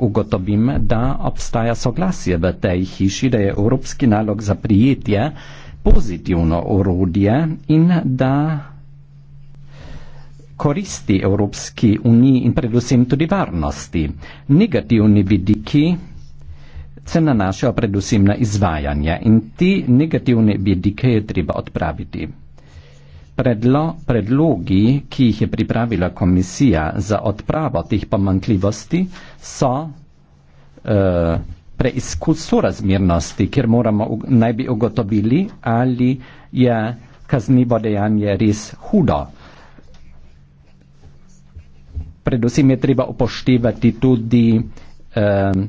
ugotovim, da obstaja soglasje v tej hiši, da je evropski nalog za prijetje pozitivno orodje in da koristi Evropski uniji in predvsem tudi varnosti. Negativni vidiki se nanašajo predvsem na izvajanje in te negativne vidike je treba odpraviti. Predlo, predlogi, ki jih je pripravila komisija za odpravo teh pomankljivosti, so uh, preizkus sorazmernosti, kjer moramo naj bi ugotovili, ali je kaznivo dejanje res hudo. Predvsem je treba upoštevati tudi uh,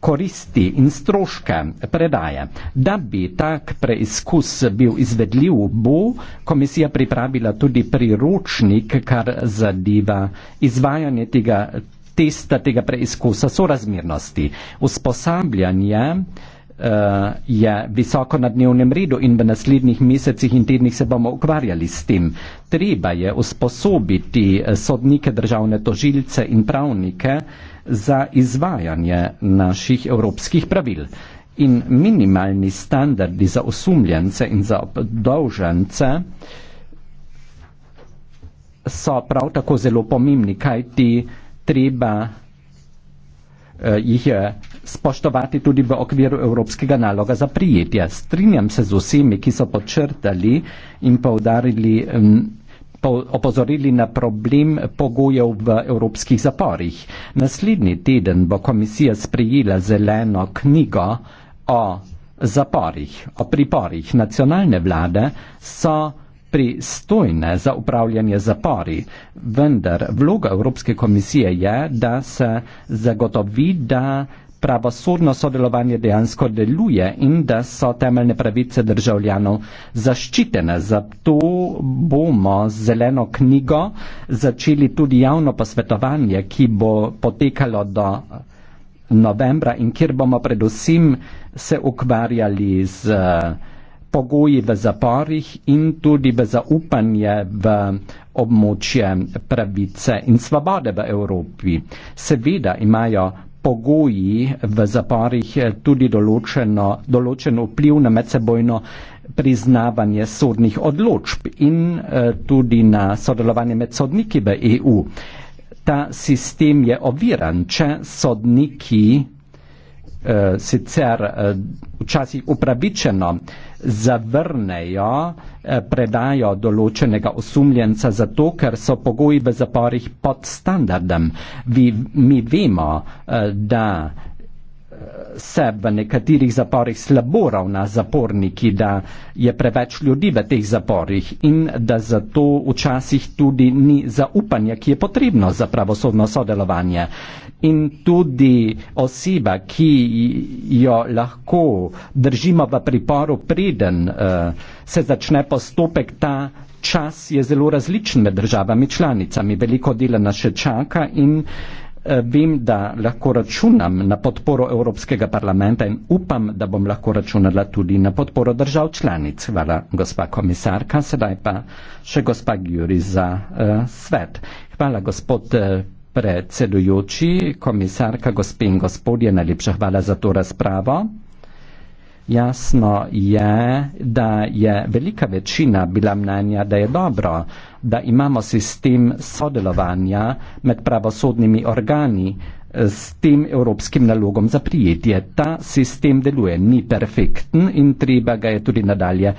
koristi in stroške predaje. Da bi tak preizkus bil izvedljiv, bo komisija pripravila tudi priročnik, kar zadeva izvajanje tega testa, tega preizkusa sorazmernosti. Usposabljanje eh, je visoko na dnevnem redu in v naslednjih mesecih in tednih se bomo ukvarjali s tem. Treba je usposobiti eh, sodnike, državne tožilce in pravnike, za izvajanje naših evropskih pravil. In minimalni standardi za osumljence in za obdolžence so prav tako zelo pomembni, kaj ti treba eh, jih spoštovati tudi v okviru evropskega naloga za prijetje. Strinjam se z vsemi, ki so počrtali in povdarili opozorili na problem pogojev v evropskih zaporih. Naslednji teden bo komisija sprejela zeleno knjigo o zaporih, o priporih. Nacionalne vlade so pristojne za upravljanje zapori, vendar vloga Evropske komisije je, da se zagotovi, da pravosodno sodelovanje dejansko deluje in da so temeljne pravice državljanov zaščitene. Zato bomo z zeleno knjigo začeli tudi javno posvetovanje, ki bo potekalo do novembra in kjer bomo predvsem se ukvarjali z eh, pogoji v zaporih in tudi v zaupanje v območje pravice in svobode v Evropi. Seveda imajo pogoji v zaporih eh, tudi določeno, določen vpliv na medsebojno priznavanje sodnih odločb in eh, tudi na sodelovanje med sodniki v EU. Ta sistem je oviran, če sodniki eh, sicer včasih upravičeno zavrnejo eh, predajo določenega osumljenca zato, ker so pogoji v zaporih pod standardem. Vi, mi vemo, eh, da eh, se v nekaterih zaporih slabo ravna zaporniki, da je preveč ljudi v teh zaporih in da zato včasih tudi ni zaupanja, ki je potrebno za pravosodno sodelovanje in tudi oseba, ki jo lahko držimo v priporu, preden uh, se začne postopek ta. Čas je zelo različen med državami članicami. Veliko dela nas še čaka in eh, vem, da lahko računam na podporo Evropskega parlamenta in upam, da bom lahko računala tudi na podporo držav članic. Hvala, gospa komisarka. Sedaj pa še gospa Gjuri za uh, svet. Hvala, gospod. Uh, predsedujoči, komisarka, gospe in gospodje, najlepša hvala za to razpravo. Jasno je, da je velika večina bila mnenja, da je dobro, da imamo sistem sodelovanja med pravosodnimi organi s tem evropskim nalogom za prijetje. Ta sistem deluje, ni perfekten in treba ga je tudi nadalje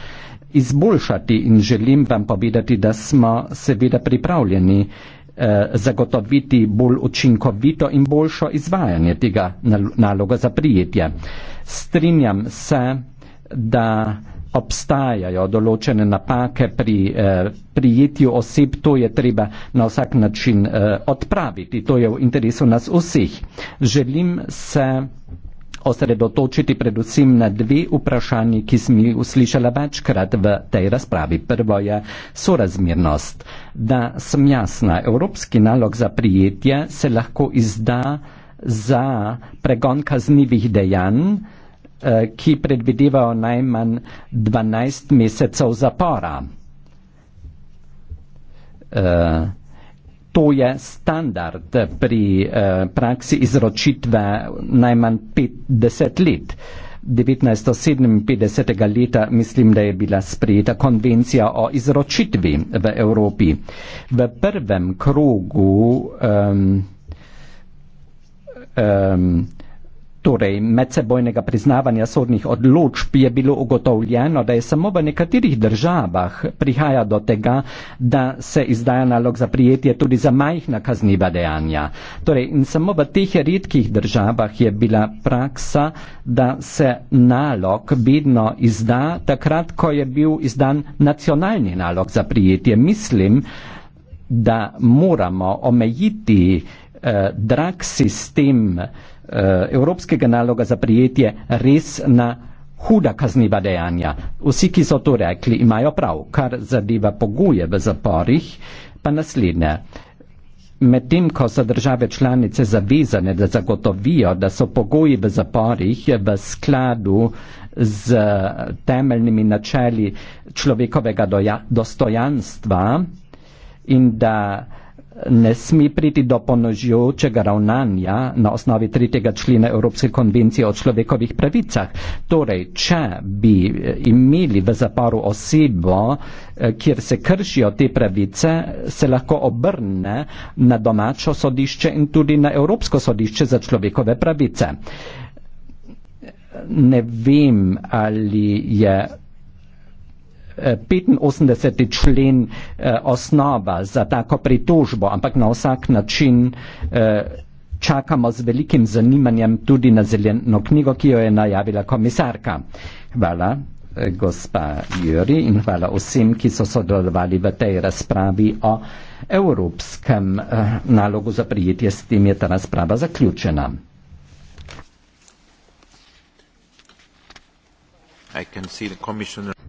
izboljšati in želim vam povedati, da smo seveda pripravljeni Eh, zagotoviti bolj učinkovito in boljšo izvajanje tega naloga za prijetje. Strinjam se, da obstajajo določene napake pri eh, prijetju oseb, to je treba na vsak način eh, odpraviti, to je v interesu nas vseh. Želim se osredotočiti predvsem na dve vprašanji, ki sem jih uslišala večkrat v tej razpravi. Prvo je sorazmernost. Da sem jasna, evropski nalog za prijetje se lahko izda za pregon kaznivih dejanj, eh, ki predvidevajo najmanj 12 mesecev zapora. Eh, to je standard pri eh, praksi izročitve najmanj 50 let. 1957. leta mislim, da je bila sprejeta konvencija o izročitvi v Evropi. V prvem krogu um, um, torej medsebojnega priznavanja sodnih odločb, je bilo ugotovljeno, da je samo v nekaterih državah prihaja do tega, da se izdaja nalog za prijetje tudi za majhna kazniva dejanja. Torej, in samo v teh redkih državah je bila praksa, da se nalog vedno izda takrat, ko je bil izdan nacionalni nalog za prijetje. Mislim, da moramo omejiti eh, drag sistem eh, Eh, evropskega naloga za prijetje res na huda kazniva dejanja. Vsi, ki so to rekli, imajo prav, kar zadeva pogoje v zaporih, pa naslednje. Medtem, ko so države članice zavezane, da zagotovijo, da so pogoji v zaporih v skladu z temeljnimi načeli človekovega doja, dostojanstva in da uh, ne sme priti do ponožujočega ravnanja na osnovi 3. člena Evropske konvencije o človekovih pravicah. Torej, če bi eh, imeli v zaporu osebo, eh, kjer se kršijo te pravice, se lahko obrne na domačo sodišče in tudi na Evropsko sodišče za človekove pravice. Ne vem, ali je 85 člen eh, osnova za tako pritožbo, ampak na vsak način eh, čakamo z velikim zanimanjem tudi na zeleno knjigo, ki jo je najavila komisarka. Hvala, eh, gospa Juri, in hvala vsem, ki so sodelovali v tej razpravi o evropskem nalogu za prijetje. S tem je ta razprava zaključena. I can see the commissioner.